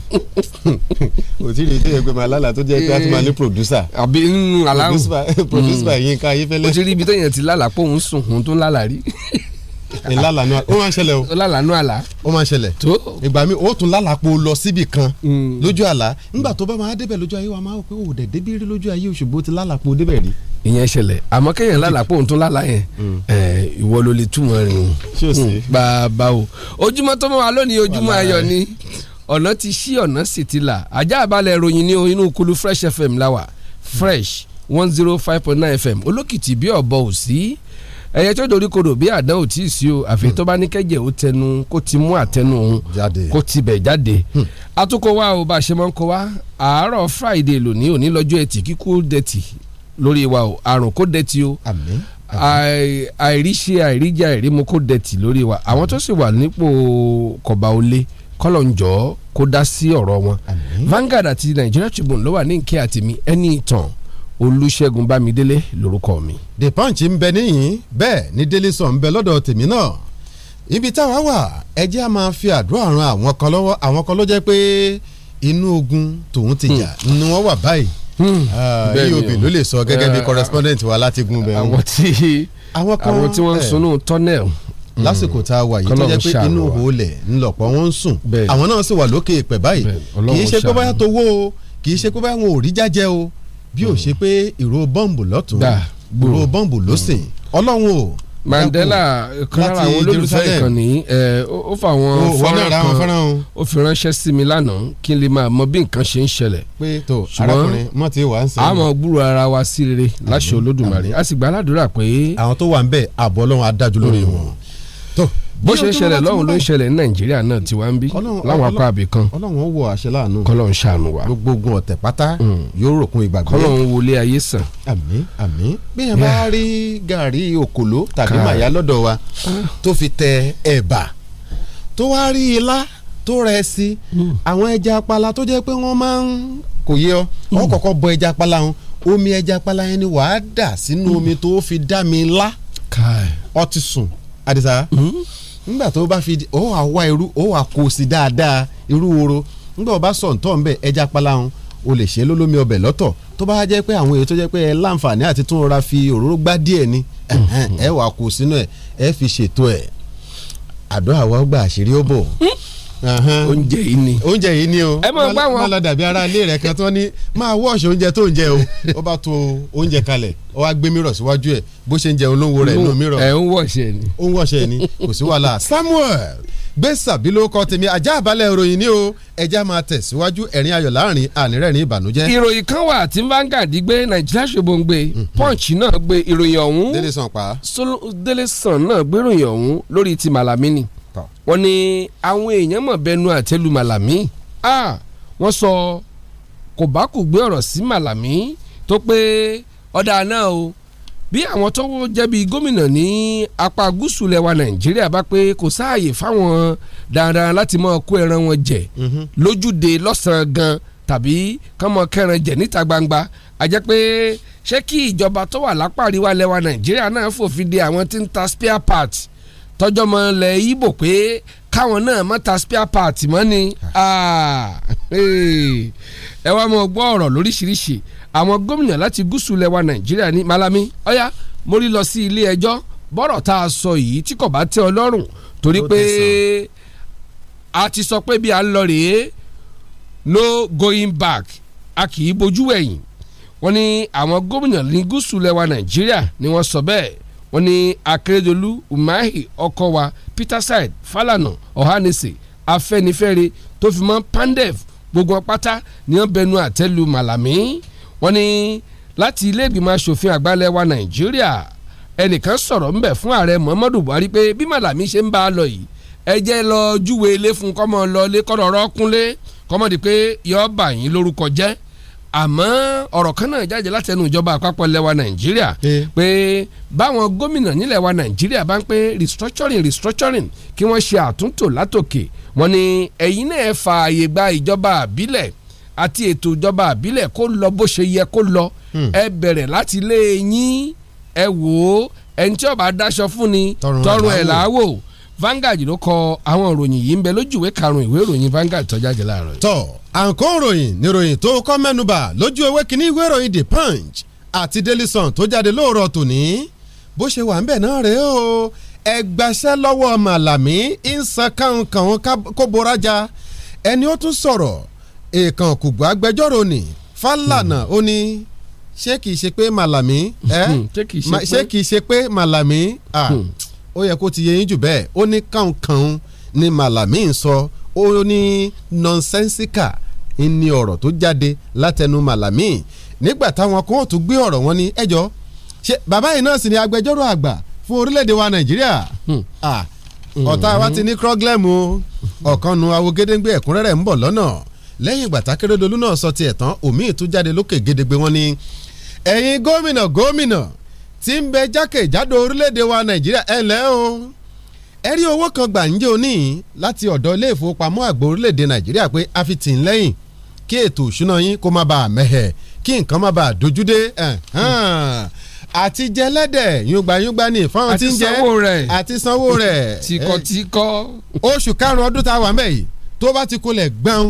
o ti rí i tó yẹ pé màá lálàá tó jẹ́ pé a ti máa ní producer àbí nínú aláwọ̀ producer yín ká yín fẹ́lẹ́ o ti rí ibi tó yẹn ti lálàá pé òun sùn òun tó lálàá rí ńlálànú àlá ó máa ń ṣẹlẹ̀ o ńlálànú àlá ó máa ń ṣẹlẹ̀ tó ìgbà mi ó tún lálàpọ̀ lọ síbì kan mm. lójú àlá nígbà tó bá máa débẹ̀ lójú ayé wa máa wò pé òòdẹ̀ débí rí lójú ayé òṣùgbọ́n ti lálàpọ̀ débẹ̀ rí. ìyẹn ṣẹlẹ̀ àmọ́ kéèyàn lálàpọ̀ òun tún lálà yẹn mm. ìwọ ló lè túmọ̀ rìn mm, bàbá o ojúmọ́ tó mọ́ wa lónìí ojúmọ́ ayọ̀ ni ọ̀nà ti ṣí ọ̀nà sì ti là ajá àbálẹ̀ ìròyìn ní inú kulu Fresh FM la Fresh one zero five point nine FM olókìtì bí ọ̀bọ ò ẹyẹ tó dorí kodò bí àdán ò tí ì sí o àfi hmm. tó bá ní kẹ́jẹ́ ó tẹnu kó ti mú àtẹnu òun kó ti bẹ̀ jáde hmm. atukọ̀ wa ò bá a ṣe máa ń kọ wa àárọ̀ friday lónìí òní lọ́jọ́ ẹtì kíkú dẹ̀tì lórí wa o àrùn kó dẹ̀tì o àìríṣe àìríjẹ àìrímu kó dẹ̀tì lórí wa àwọn tó sì wà nípò kọba olé kọlọ̀ ń jọ́ kó dá sí ọ̀rọ̀ wọn Vanguard àti Nigeria Tribune ló wà ní nkẹ́ àtìmí ẹni ìtàn olùṣègùn bámidélé lórúkọ mi. the punch ń bẹ níyìn bẹ́ẹ̀ ni délé sọ ń bẹ lọ́dọ̀ tèmi náà ibi táwa wà ẹjẹ́ a máa fi àdúrà ran àwọn kan lọ́wọ́ àwọn kan ló jẹ́ pé inú ogun tòun ti jà hmm. ni wọ́n wà báyìí hmm. ah, eob ló lè sọ gẹ́gẹ́ bí eh, correspondent wa láti gun bẹ̀rù. àwọn tí àwọn tí wọ́n ń eh, sunú tunnel hmm. lásìkò tá a wà yìí tó jẹ́ pé inú òòlẹ̀ ńlọ̀pọ̀ wọn ń sùn àwọn náà sì wà lókè ìpẹ́ báyìí kì í ṣe pé báyà tó wó o kì í ṣe pé báyà wọn ò rí jájẹ o bí ò ṣe pé ìró bọ́ǹbù lọ́tún ìró bọ́ǹbù lọ́sìn ọlọ́run o Mandela kan lára àwọn olólùfẹ́ ìkànnì ó fa àwọn fọ́nrán kan ó fi ránṣẹ́ sí mi lánàá kí n lè máa mọ bí nǹkan ṣe ń ṣẹlẹ̀ ṣùgbọ́n a gbúrò ara wa sí rere láṣẹ Olódùmarè a sì gba aládùúrà pé. àwọn tó wà ń bẹ àbọ̀ ọlọ́run adájú lórí hmm. wọn bó ṣe ń ṣẹlẹ̀ lọ́hùn ló ń ṣẹlẹ̀ ní nàìjíríà náà tiwa ń bí láwọn apá àbí kan ọlọ́run wọ àṣẹ láàánú kọ́lọ́run ṣàánú wa gbogbo ogun ọ̀tẹ̀ pátá mm. yóò ròkun ìgbàgbé kọ́lọ́run wọlé ayé sàn. àmín àmín bí yẹn bá rí gàrí òkòló tàbí màyà lọ́dọ̀ wa ah. tó fi tẹ ẹ̀bà tó wá rí ilá tó rẹ̀ sí mm. àwọn ẹja apala tó jẹ́ pé wọ́n máa ń kò yé ọ wọ́n mm. kọ́kọ́ bọ ẹja apala wọn omi ẹja apala yẹn ni wàá dà sínú omi tó fi dá mi lá ọ ti sùn àdìsá. nígbà tó bá fi ó wà wá irú ó wà kó sí dáadáa irú woro nígbà ó bá sọ ntọ́ nbẹ ẹja palahun o lè ṣe lólómi ọbẹ̀ lọ́tọ̀ tó bá jẹ́ pé àwọn èyí tó jẹ́ pé ẹ láǹfààní àti fi òróró gbá díẹ̀ ni ẹ wà kó sínú ẹ ẹ fi ṣètò ẹ àdó àwa gbà àṣírí ó obo. oúnjẹ yìí ni. oúnjẹ yìí ni o ẹ mọ̀ pé àwọn. mọ́lá dàbí ara ilé rẹ̀ kan tán ni máa wọ́ọ̀ṣì oúnjẹ tó ń jẹ o ó bá to oúnjẹ kalẹ̀ ó wá gbé mírọ̀ síwájú ẹ̀ bó ṣe ń jẹun ló ń wo rẹ̀ inú mírọ̀. ẹ ń wọ̀ṣẹ̀ ni. ó ń wọ̀ṣẹ̀ ni kò sí wàhálà Samuel gbé sàbí ló kọ tèmi ajá àbálẹ̀ ìròyìn ni o ẹja máa tẹ̀síwájú ẹ̀rín ayọ̀ láàrin ànírẹ́rìn ìbànújẹ́. ìròyìn kan wà tí Vanguard gbé Nàìjíríà ṣùgbọ́n gbé mhm. Punch náà gbé ìròyìn ọ̀hún Délé pa Délé náà gbé ìròyìn ọ̀hún lórí ti Màlàmínì wọ́n ní àwọn èèyàn mọ̀ bẹnu àtẹ́lu màlàmí wọ́n sọ kò bá kò gbé ọ̀rọ̀ sí màlàmí tó pé ọ̀dà náà o bí àwọn tó jẹ́bi gómìnà ní apá gúúsù lẹwa nàìjíríà bá pé kò sáàyè fáwọn dandan láti máa kó ẹran wọn jẹ mhm. lójúde lọ́sàn-án gan tàbí kọ́mọ kẹran jẹ níta gbangba àjẹ́ pé ṣé kí ìjọba tó wà lápá àríwá lẹwa nàìjíríà náà fòfin de àwọn tí ń ta spare parts tọjọ́ mọ ilẹ̀ Ìgbò pé káwọn náà má ta spare part mọ́ ni ah, ẹ wá mọ gbọ́ ọ̀rọ̀ lóríṣiríṣi àwọn gómìnà láti gúúsù lẹwa Nàìjíríà ní Malami ọ̀yá mórí lọ sí ilé ẹjọ́ bọ́rọ̀ tá a sọ yìí tí kò bá tẹ́ ọ lọ́rùn torí pé a ti sọ pé bí a ń lọ rèé no going back a kì í bojú ẹ̀yìn wọ́n ní àwọn gómìnà ní gúúsù lẹwa Nàìjíríà ni wọ́n sọ bẹ́ẹ̀ wọ́n ní akérèdọ́lù umahi ọkọwa peterside falana ohanese afẹ́nifẹ́re tó fi mọ́ pandef gbogbo pátá ní wọ́n bẹnu malami wọ́n ní láti ilé ìgbìmọ̀ asòfin àgbàlẹ̀ wa nàìjíríà ẹnìkan sọ̀rọ̀ ńbẹ̀ fún ààrẹ muhammadu buhari pé bí malami ṣe ń bá a lọ yìí ẹ jẹ́ lọ júwe ilé fún kọ́mọ lọ ilé kọ́rọ̀ ọ̀rọ̀ pé yọ ọ́ yín lórúkọ jẹ́ àmọ́ ọ̀rọ̀ kan náà jáde láti ẹnu ìjọba àpapọ̀ lẹ́wà nàìjíríà pé báwọn gómìnà nílẹ̀ wa nàìjíríà bá ń pé restructuring restructuring kí wọ́n ṣe àtúntò látòkè wọ́n ní ẹ̀yin náà fa àyè gba ìjọba àbílẹ̀ àti ètò ìjọba àbílẹ̀ kó lọ bó ṣe yẹ kó lọ hmm. ẹ bẹ̀rẹ̀ láti lé yín ẹ wò ó ẹni tí ó bá fún ni tọrùn ẹ̀ làá Vanguard ló kọ àwọn ìròyìn yìí ń bẹ lójú ìwé karùn-ún ìwé ìròyìn Vanguard tó jáde láàárọ̀. tọ́ àǹkó ròyìn ni ròyìn tó kọ́ mẹ́nubà lójú ewé kínní ìwé ìròyìn The Punch àti Daily Sun tó jáde lóòrọ̀ tòní bó ṣe wà ń bẹ̀ náà rèé o ẹgbàṣẹ́ lọ́wọ́ màlàmí ń san kàǹkàǹ kó boraja ẹni ó tún sọ̀rọ̀ èèkàn kùgbà agbẹjọ́rò ni Fálànà ó ní ṣé kìí ṣe pé màlàmí ṣé kìí ṣe pé màlàmí ó yẹ kó ti yẹ yín jù bẹ́ẹ̀ ó ní kàùnkàùn ni Malami ń sọ ó ní nonsensical ní ọ̀rọ̀ tó jáde látẹnu Malami nígbà táwọn kan tún gbé ọ̀rọ̀ wọn ní ẹjọ́ ṣe bàbá yìí náà sì ni agbẹjọ́rò àgbà fún orílẹ̀-èdè wa Nàìjíríà hmm. ọ̀tá wa ti ní croglem hmm. o hmm. ọ̀kanu awogedengbe ẹ̀kúnrẹ́rẹ́ ń bọ̀ lọ́nà lẹ́yìn ìgbà tákérédolú náà sọ tiẹ̀ tán omi ìtújáde lókè gedegbe wọn ni ẹ̀yin gómìnà gómìnà tí ń bẹ jákèjádò orílẹ̀-èdè wa nàìjíríà ẹ ǹlẹ́ o ẹ rí owó kan gbà ń jẹ́ òní láti ọ̀dọ̀ ilé ìfowópamọ́ àgbà orílẹ̀-èdè nàìjíríà pé a fi tì ń lẹ́yìn kí ètò òṣùná yín kó má bàa mẹ́hẹ̀ kí nǹkan má bàa dojú dé àti jẹlẹ́dẹ̀ yungbayungba ni fáwọn tí ń jẹ àti sanwó rẹ̀ tìkọ̀tìkọ̀ oṣù karùn ọdún tá a wà mẹ́ tó bá ti kolẹ̀ gbọ́n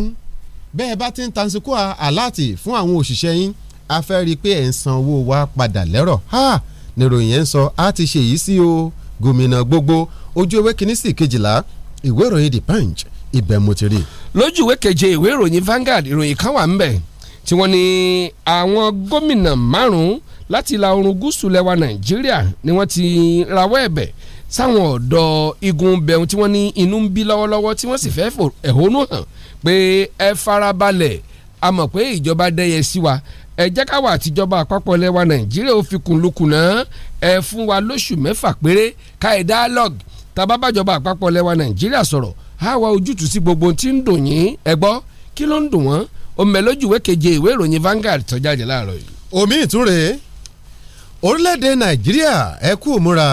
bẹ́ẹ̀ bá ti ń tansikó aláàtì fún àwọn òṣìṣẹ́ yín a fẹ́ rí i pé ẹ̀ ń sanwó wa padà lẹ́rọ̀ ha níròyìn yẹn ń sọ a ti ṣe yìí sí o gómìnà gbogbo ojú ewé kínní sí kejìlá ìwé ìròyìn the punch ibẹ̀ mo ti rí. lójú ìwé keje ìwé ìròyìn Vanguard ìròyìn kan wà ńbẹ̀ tí wọ́n ní àwọn gómìnà márùn láti ìlà oòrùn gúúsù lẹwa Nàìjíríà ni wọ́n ti rawọ́ ẹ̀bẹ̀ sáwọn ọ̀dọ́ igun bẹ̀rù tí wọ́n ní inú ń bí lọ́wọ́lọ́wọ́ tí wọ́n sì fẹ́ ẹ̀hónú hàn pé ẹ farabalẹ̀ a mọ̀ pé ìjọba dẹ́yẹ sí wa ẹ jẹ́ káwa àtijọba àpapọ̀ lẹ́wà nàìjíríà ó fi kùn lukùn náà ẹ fún wa lóṣù mẹ́fà péré ká ẹ dialogue tàbá bàjọba àpapọ̀ lẹ́wà nàìjíríà sọ̀rọ̀ á wá ojútùú sí gbogbo tí ń dùn yín ẹ gbọ́ kí ló ń dùn wọ́n omi lójúwé keje ìwé ìròyìn Vanguard tó jáde láàárọ̀ yìí. omi ìtúre orílẹ̀-èdè nàìjíríà ẹ kú ìmúra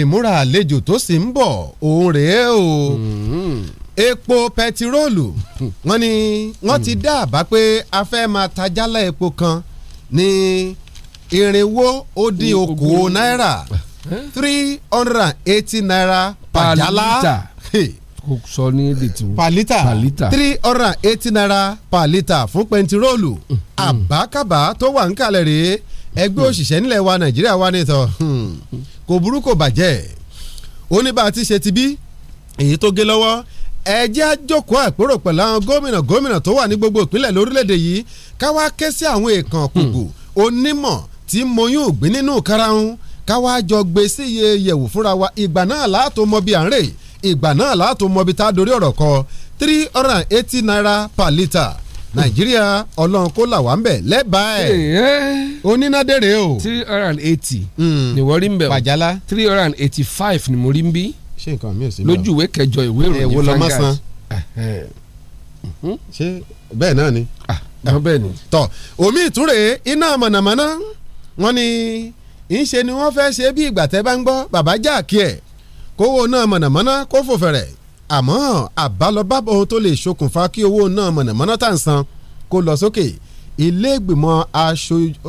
ìmúra àlejò tó sì ń bọ̀ òun rèé o. Hmm epo pẹtiróòlù wọ́n ní wọ́n ti hmm. dá àbá pé a fẹ́ máa ta epo kan ní irinwó ó dín okòó náírà three hundred and eighty naira per jálá kò sọ ní èdè tí wọ́n. per litre three hundred and eighty naira per litre fún pẹntiróòlù hmm. àbákàbá tó wà ń kalẹ̀ rèé ẹgbẹ́ hmm. òṣìṣẹ́ nílẹ̀ wa nàìjíríà wà nìtọ̀ kò burú bàjẹ́ ó ṣe ti bí èyí tó gé lọ́wọ́ ẹjẹ́ àjòkó àpérò pẹ̀lú àwọn gómìnà gómìnà tó wà ní gbogbo ìpínlẹ̀ lórílẹ̀‐èdè yìí káwá ké sí àwọn èèkàn kùkù hmm. onímọ̀ tí moyún ògbín nínú karahun káwá jọ gbé sí iye yẹ̀wò fúnra wa ìgbà náà láàtó mọ bí à ń rè ìgbà náà láàtó mọ bí tá ọ̀rọ̀ kọ three hundred and eighty naira per litre nàìjíríà ọlọ́run kó là wá ń bẹ̀ lẹ́bàá ẹ̀ onínádèrè o. three hundred and eighty hmm. ni wọ́n rí ń bẹ̀ o three hundred and eighty five ni mo rí ń bí ṣé nǹkan mi ò sí lójú kẹjọ ìwé eh, ìròyìn Vanguard hmm? ṣé bẹ́ẹ̀ náà ni. àwọn ah, ah. ah, bẹ́ẹ̀ ni. tọ omi ìtúre iná mọ̀nàmọ́ná wọn ni ìṣe ni wọ́n fẹ́ ṣe bí ìgbà tẹ́ bá ń gbọ́ bàbá jáàkì ẹ̀ kówó náà mọ̀nàmọ́ná kó fò fẹ̀rẹ̀ àmọ́ àbálọ́bá ohun tó lè ṣokùnfà kí owó náà mọ̀nàmọ́ná tà ń san kó lọ sókè ilé ìgbìmọ̀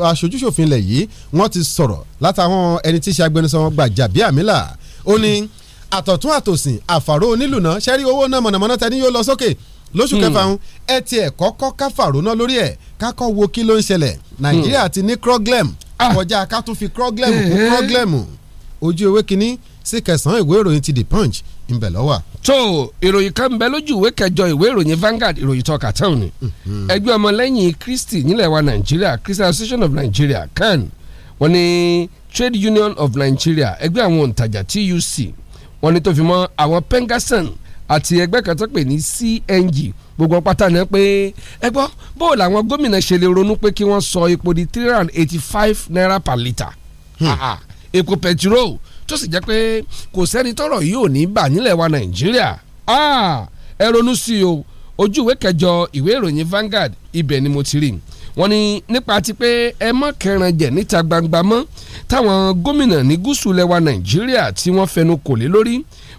aṣojúṣòfin lẹ̀ yìí wọ́n ti sọ̀rọ̀ látàwọn ẹni tí ṣe agbẹnusọ wọn gbàjàbí àmìlà ó ní. Mm -hmm àtọ̀tún àtòsìn àfàró onílùná ṣẹ́rí owó náà mọ̀nàmọ́ná tẹ́ni yóò lọ sókè lóṣù hmm. kẹfà ń ẹ tiẹ̀ kọ́kọ́ káfàró náà lórí ẹ̀ kákọ́ wo kí ló ń ṣẹlẹ̀ nàìjíríà hmm. ti ní croglem ah. kọjá ká tún fi croglem kún croglem ojú ewé kínní sí kẹsàn-án ìwé ìròyìn ti the punch ńbẹ lọ́wọ́. tó ìròyìn kan ń bẹ lójú ìwé kẹjọ ìwé ìròyìn Vanguard ìròyìn tọ́ka táwọn ni hmm. ẹgbẹ́ ọmọlẹ́yìn Kristi nílẹ̀ wa Nàìjíríà Christian Association of Nigeria CAN wọ́n ní Trade Union of Nigeria ẹgbẹ́ àwọn òǹtajà TUC wọ́n ní tó fi mọ́ àwọn pengasan àti ẹgbẹ́ kan tó pè ní CNG gbogbo pátá ni pé ẹ gbọ́ bó làwọn gómìnà ṣe lè ronú pé kí wọ́n sọ epo di three hundred and eighty five naira per litre hmm. epo pẹtirol tó sì jẹ́ pé kò sẹ́ni tọ́rọ̀ yìí ò ní bà nílẹ̀ wa Nàìjíríà ẹ ronú sí o ojú ìwé kẹjọ ìwé ìròyìn Vanguard ibẹ̀ ni mo ti rí i wọ́n ní nípa ti pé ẹ mọ́ kẹran jẹ̀ níta gbangba mọ́ táwọn gómìnà ní gúúsù lẹwa nàìjíríà tí wọ́n fẹnu kò lé lórí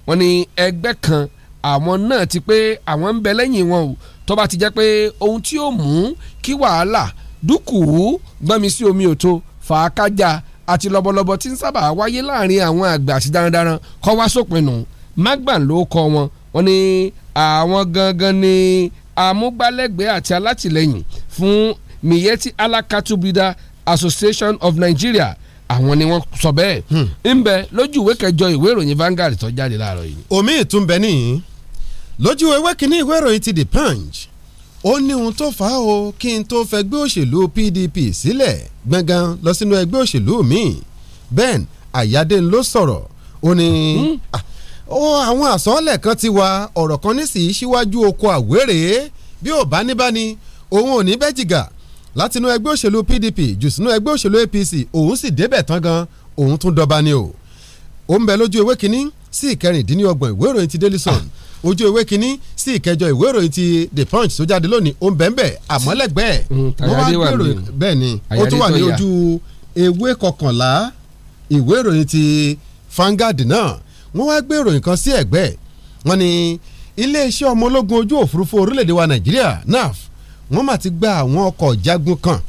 wọ́n ní ẹgbẹ́ kan àwọn náà ti pé àwọn ń bẹ lẹ́yìn wọn o tó bá ti jẹ́ pé ohun tí ó mú kí wàhálà dúkùú gbọ́nmi sí omi òtó fàákájà àti lọ́bọ̀lọ́bọ̀ tí ń sábà wáyé láàrin àwọn àgbà àti darandaran kọ́ wá sópin magban ló kọ́ wọn wọ́n ní àwọn gangan ni amúgbálẹ́gbẹ̀ẹ́ àti alátìlẹ́yìn fún miyeti Allah Cattle Breeder Association of Nigeria àwọn ni wọ́n sọ bẹ́ẹ̀ hmm. ń bẹ lójú ìwé kẹjọ ìwé ìròyìn Vanguard tó jáde láàárọ̀ yìí. omi ìtún bẹ nìyí lójú ìwé kínní ìwé ìròyìn ti The Punch ó ní ohun tó fà á o kí n tó fẹ́ òṣèlú PDP sílẹ̀ gbọ̀ngàn lọ sínú ẹgbẹ́ òṣèlú mi Ben Ayade ló sọ̀rọ̀ ó ní hmm. ah, àwọn àsọ̀ọ́lẹ̀ kan ti wà ọ̀rọ̀ kan nísìsiyìí síwájú oko àwérè bí ò bá ní òun ò ní bẹ́jìgà látinú ẹgbẹ́ òṣèlú PDP jù sínú ẹgbẹ́ òṣèlú APC òun sì débẹ̀ tán gan òun tún dọba ni o ó ń bẹ lójú ewé kínní sí ìkẹrìndínlọ́gbọ̀n ìwé ìròyìn ti Daily Sun ah. ojú ewé kínní sí ìkẹjọ ìwé ìròyìn ti The Punch tó jáde lónìí ó ń bẹ ń bẹ àmọ́ lẹ́gbẹ̀ẹ́ wọ́n hmm, wá gbèrò bẹ́ẹ̀ ni ó tún wà ní ojú ewé kọkànlá ìwé ìròyìn ti Vanguard náà wọ́n wá gbèrò nǹkan sí ẹ̀gbẹ́ wọ́n ní iléeṣẹ́ ọmọ ológun ojú òfurufú orílẹ̀-èdè wa Nàìjíríà NAF wọ́n mà ti gba àwọn ọkọ̀ jagun kan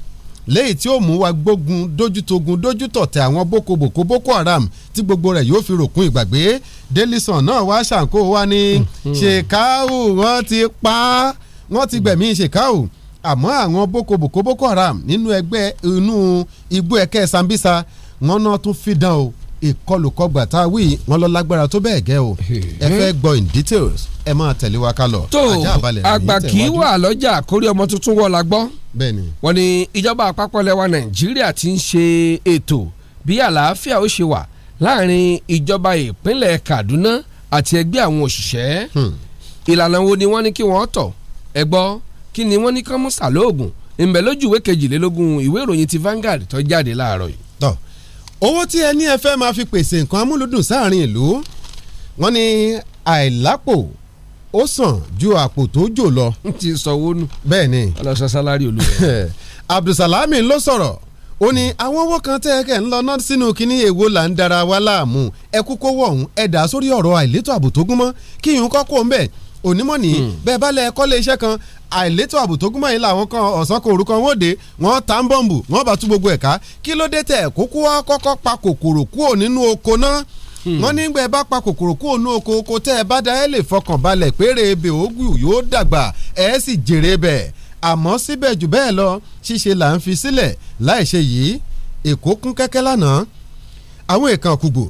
léyìí tí ó mú wa gbógun dójútogun dójútọ̀tẹ̀ àwọn boko boko boko haram tí gbogbo rẹ̀ yóò fi ròkun ìgbàgbé delison náà wá ṣàǹkó wa ní hmm, hmm. ṣèkáù wọ́n ti pa á wọ́n ti gbẹ̀mí ṣèkáù àmọ́ àwọn boko boko boko haram nínú ẹgbẹ́ inú igbó ẹ̀kẹ́ sambisa wọ́n náà tún fi dán o ìkọlùkọgbà tá a wí wọn lọ lágbára tó bẹ́ẹ̀ gẹ́ o ẹ fẹ́ gbọ́ in details ẹ máa tẹ̀lé wa ká lọ. tó àgbà kì í wà lọ́jà kórí ọmọ tuntun wọ̀ la gbọ́. bẹ́ẹ̀ni. wọ́n ní ìjọba àpapọ̀ lẹwa nàìjíríà ti ń ṣe ètò bí àlàáfíà ó ṣe wà láàrin ìjọba ìpínlẹ̀ kaduna àti ẹgbẹ́ àwọn òṣìṣẹ́. Hmm. ìlànà wo ni wọ́n ní kí wọ́n tọ̀ ẹ gbọ́ kí ni wọ́n ní kán mú sàlóògùn ìmọ̀lójú ìwé kejìlélógún ìwé ìròyìn ti Vanguard tó jáde láàárọ̀ yìí owó tí ẹni ẹ fẹ́ máa fi pèsè nǹkan amúlùdùn sáàrin ìlú wọ́n ní àìlápò ó sàn ju àpò tó jò lọ. n ti sọwọ́ nù. bẹ́ẹ̀ ni ọlọ́sọ sálárì olùwẹ̀. Abdulsalami ló sọ̀rọ̀ ó ní àwọn owó kan tẹ́ ẹ kẹ́ ń lọ náà sínú kínní èwo là ń dara wa láàmú ẹ kúkó wọ̀hún ẹ dà sórí ọ̀rọ̀ àìlétò ààbò tó gúnmọ́ kí ìhun kọ́kọ́ ń bẹ́ẹ̀ onímọ̀ ní hmm. bẹ́ẹ̀ bá lẹ kọ́lé iṣẹ́ kan àìlétò ààbò tó gúnmọ̀ yìí làwọn kan ọ̀sán kò orúkọ wọn òde wọn ta ń bọ̀m̀bù wọn bá tú gbogbo ẹ̀ka kí ló dé tẹ̀ kókó wa kọ́kọ́ pa kòkòrò kúò nínú oko náà hmm. wọn nígbà ẹ bá pa kòkòrò kúò nínú oko oko tẹ́ ẹ bá da ẹ lè fọkàn balẹ̀ péré ebè ògùn yóò dàgbà ẹ sì jèrè bẹ̀ àmọ́ síbẹ̀ jù bẹ́ẹ̀ lọ ṣíṣe là ń fi sílẹ̀ láìṣe yìí èkó kún kẹ́kẹ́ lánàá àwọn èèkàn kùgbò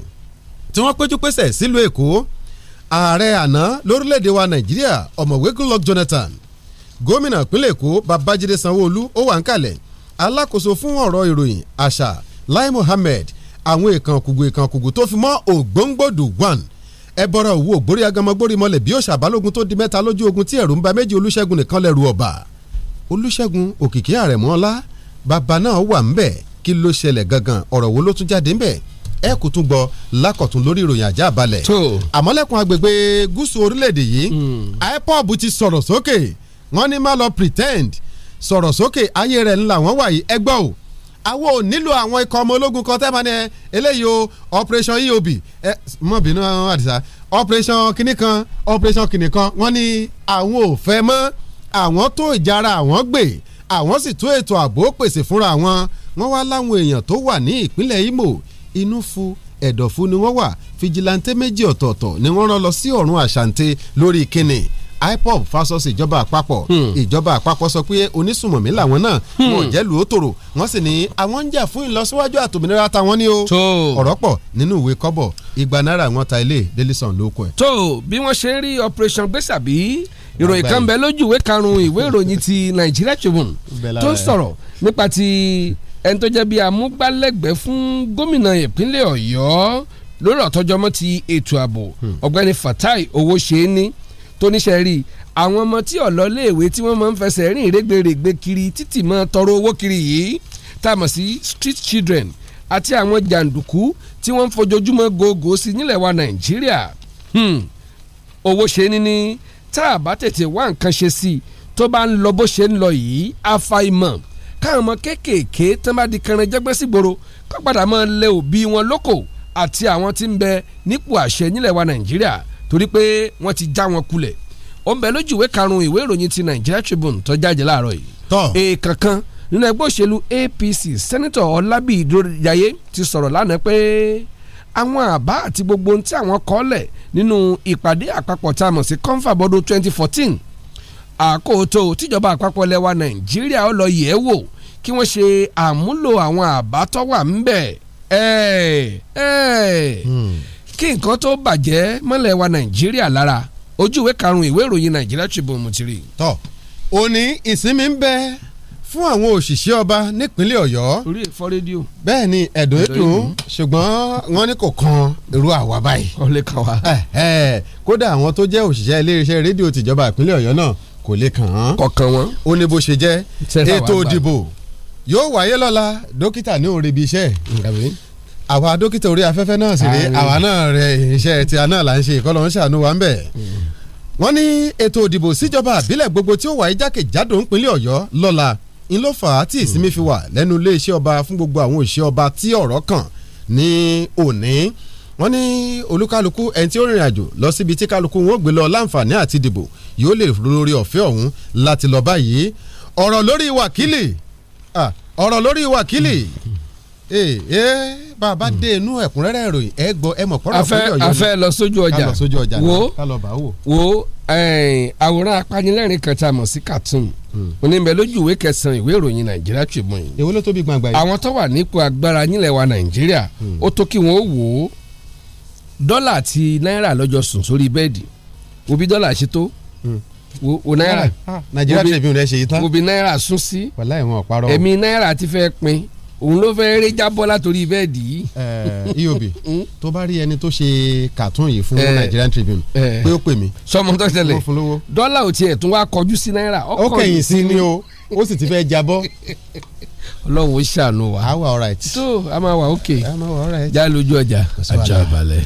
tí wọ́n péjú pésẹ̀ sílùú èkó ààrẹ àná lórílẹ̀‐èdè wa nàìjíríà ọ̀mọ̀wé goodluck jonathan gómìnà ìpínlẹ̀ èkó babájídé sanwó-olú ó wà ń kalẹ̀ alákòóso fún ọ̀rọ̀ ìròyìn àṣà lai mohammed àwọn ìkànkùgù ìkànkùgù tó fi mọ́ ògbóǹgbòdù one ẹbọra òwú ògbórí agamọgbórí mọlẹ̀ bí òṣà balógun tó di mẹ́ta lójú ogun tí ẹ̀rù ń ba méjì olúṣẹ́gun nìkan lẹ́rù ọba olúṣẹ́gun òkìkí àrẹ̀mọ́lá bàbá náà wà ń kí ló ṣẹlẹ̀ gangan ọ̀rọ̀ wo ló tún jáde ń ẹ kò tún gbọ́ lákọ̀tún lórí ìròyìn ajá balẹ̀ àmọ́lẹ́kùn agbègbè gúúsù orílẹ̀-èdè yìí hmm. ipob ti sọ̀rọ̀ sókè wọ́n ní má lọ pretend sọ̀rọ̀ sókè ayé rẹ̀ ńlá wọ́n wà yìí ẹ gbọ́ o àwọn ò nílò àwọn ikọ̀ ọmọ ológun kan tẹ́ ma ní eléyìí o operation eob ẹ mọ̀ bínú àdìsá operation kìnnì kan operation kìnnì kan wọ́n ní àwọn ò fẹ́ mọ́ àwọn tó ìjára àwọn gbè àwọn sì tó ètò ààbò pèsè fúnra wọn wọ́n wá láwọn èèyàn tó wà ní ìpínlẹ̀ Imo inú fu ẹ̀dọ̀fu ni wọ́n wà fìjìláńtẹ́ méjì ọ̀tọ̀ọ̀tọ̀ ni wọ́n rán lọ sí ọ̀run àṣàǹtẹ̀ lórí kínní ipob fasos ìjọba àpapọ̀ hmm. ìjọba àpapọ̀ sọ pé onísùmọ̀mí làwọn náà hmm. wọn ò jẹ́ lu òtòrò wọ́n sì ní àwọn ń jà fún ìlọsíwájú àtòmìnira táwọn ní o ọ̀rọ̀ pọ̀ nínú ìwé kọ́bọ̀ igba náírà wọn ta ilé délẹ́sàn ló kọ ẹ̀. tó bí wọ́n ṣe rí operation gbèsàbí ìròyìn kan bẹ lójú ìwé karùn-ún ìwé ìròyìn ti Nigeria Tribune tó sọ̀rọ̀ nípa ti ẹni tó jẹ́ bíi amúgbálẹ́gbẹ̀ẹ́ fún gómìnà ìpínlẹ̀ ọ̀yọ́ lórí ọ̀tọ́jọ́mọ́ ti ètò ààbò hmm. ọ̀gbẹ́ni fatai owóṣeéní tó níṣẹ́ rí àwọn ọmọ tí ọ̀lọ́ léèwé tí wọ́n máa ń fẹsẹ̀ rìn rẹ́gbẹ̀rẹ̀gbẹ̀ kiri títì máa tọrọ owó kiri yìí tá a mọ̀ sí street children àti àwọn jàǹdùkú tí wọ́n ń fojoojúmọ́ gògó sí nílẹ̀ wa nàìjíríà hmm. owó ṣe ni ni tá a bá tètè wá nǹkan ṣe sí i tó bá ń lọ bó ṣe ń lọ yìí àfàìmọ̀ káwọn ọmọ kéékèèké tán bá di kẹrin jẹgbẹ́ sígboro kó padà máa lé òbí wọn lóko àti àwọn tí ń bẹ nípò àṣẹ nílẹ̀ wa nàìjíríà torí pé wọ́n ti já wọn kulẹ̀ ó ń bẹ lójú ìwé karùn-ún ìwé ìròyìn ti Nigeria Tribune tó jáde láàárọ̀ yìí. tọ́ èèkàn kan nínú ẹgbẹ́ òṣèlú APC sẹ́nitọ̀ Ọlábíyí Dójayé ti sọ̀rọ̀ lánàá pé àwọn àbá àti gbogbo ohun tí àwọn kọ́ lẹ̀ nínú ìpàdé àpapọ̀ tá a mọ̀ sí kọ́ńfà bọ́dún 2014 àkótó tíjọba àpapọ̀ lẹ́wà nàìjíríà ó lọ yẹ̀ ẹ́ wò kí wọ́n ṣe àmúlò àwọn àbá tó wà ńbẹ̀ hmm. kí nǹkan tó bàjẹ́ mọ́lẹ̀ wa nàìjíríà lára ojú ìwé karùn-ún ìwé ìròyìn nàìjíríà Tribune mo ti rí. tọ́ òní ìsinmi ń bẹ fún àwọn òṣìṣẹ́ ọba nípínlẹ̀ ọ̀yọ́. orí ẹ̀fọ́ rédíò. bẹ́ẹ̀ ni ẹ̀dùn ẹ̀dùn ṣùgbọ́n wọ́n ní kò kan irú àwa báyìí. ó lè kàn wá. kódà àwọn tó jẹ́ òṣìṣẹ́ iléeṣẹ́ rédíò tìjọba ìpínlẹ̀ ọ̀yọ́ náà kò lè kàn án kọ̀kan wọn ó ní bó ṣe jẹ́ ètò òdìbò yóò wáyé lọ́la dókítà ní òun rebi iṣẹ́ àwa dókítà orí afẹ́fẹ́ náà sì rí àwa náà rẹ iṣẹ́ tí a náà là ń ṣe ìkọlọ́ ń ṣàánú wa ń bẹ̀ mm. wọ́n ní ètò òdìbò síjọba àbílẹ̀ gbogbo tí ó wáyé jákèjádò ńpínlẹ̀ ọ̀yọ́ lọ́la ń ló tí ìsinmi fi wà lẹ́nu iléeṣẹ́ ọba fún gbogbo àwọn òṣìṣẹ́ ọba tí ọ̀rọ̀ kàn ní òní wọ́n ní olúkálukú ẹni tí ó rìnrìn àjò lọ síbi tí kálukú wọn ò gbé lọ láǹfààní àti dìbò yóò lè lórí ọ̀fẹ́ ọ̀hún láti lọ báyìí ọ̀rọ̀ lórí wákìlì ọ̀rọ̀ lórí wákìlì bá a bá dé inú ẹ̀kúnrẹ́rẹ́ ìròyìn ẹ gbọ́ ẹ mọ̀ pọ́nrọ́ fún ìyọ̀yọ́ afẹ́ lọ sójú ọjà wo wo àwòrán apanilẹ́rìn kan tá a mọ̀ sí cartoon onímọ̀ hmm. lójú ìwé kẹsàn-án ìwé ìròyìn nàìjíríà Tribune yìí. èwo ló tóbi gbangba yìí. àwọn tó wà nípò agbára nílẹ̀ wa nàìjíríà hmm. ó tó kí wọ́n ó wò ó dọ́là àti náírà lọ́jọ́ sùn sórí bẹ́ẹ̀dì òbí dọ́là ṣe tó hmm. wo náírà nàìjíríà tẹ̀bí rẹ̀ ṣe tán òbí náírà sún sí ẹ̀mí náírà ti fẹ́ pin òun ló fẹ́ẹ́ rí jábọ́ látòrí bẹ́ẹ̀dì yìí. eob hmm? tó bá rí ẹni tó ṣe cartoon yìí fún Nigerian Tribune pé ó pè mí. sọmọ tó ṣẹlẹ̀ dọ́là ò tiẹ̀ tún wá kọjú sí náírà. ó kẹ̀yìn sí ni o ó sì ti fẹ́ jábọ́. ọlọ́run ó ṣàánú wa. a wà ọ̀rẹ́ tí. tó a máa wà ókè. a máa wà ọ̀rẹ́ tí. ọjà ajá balẹ̀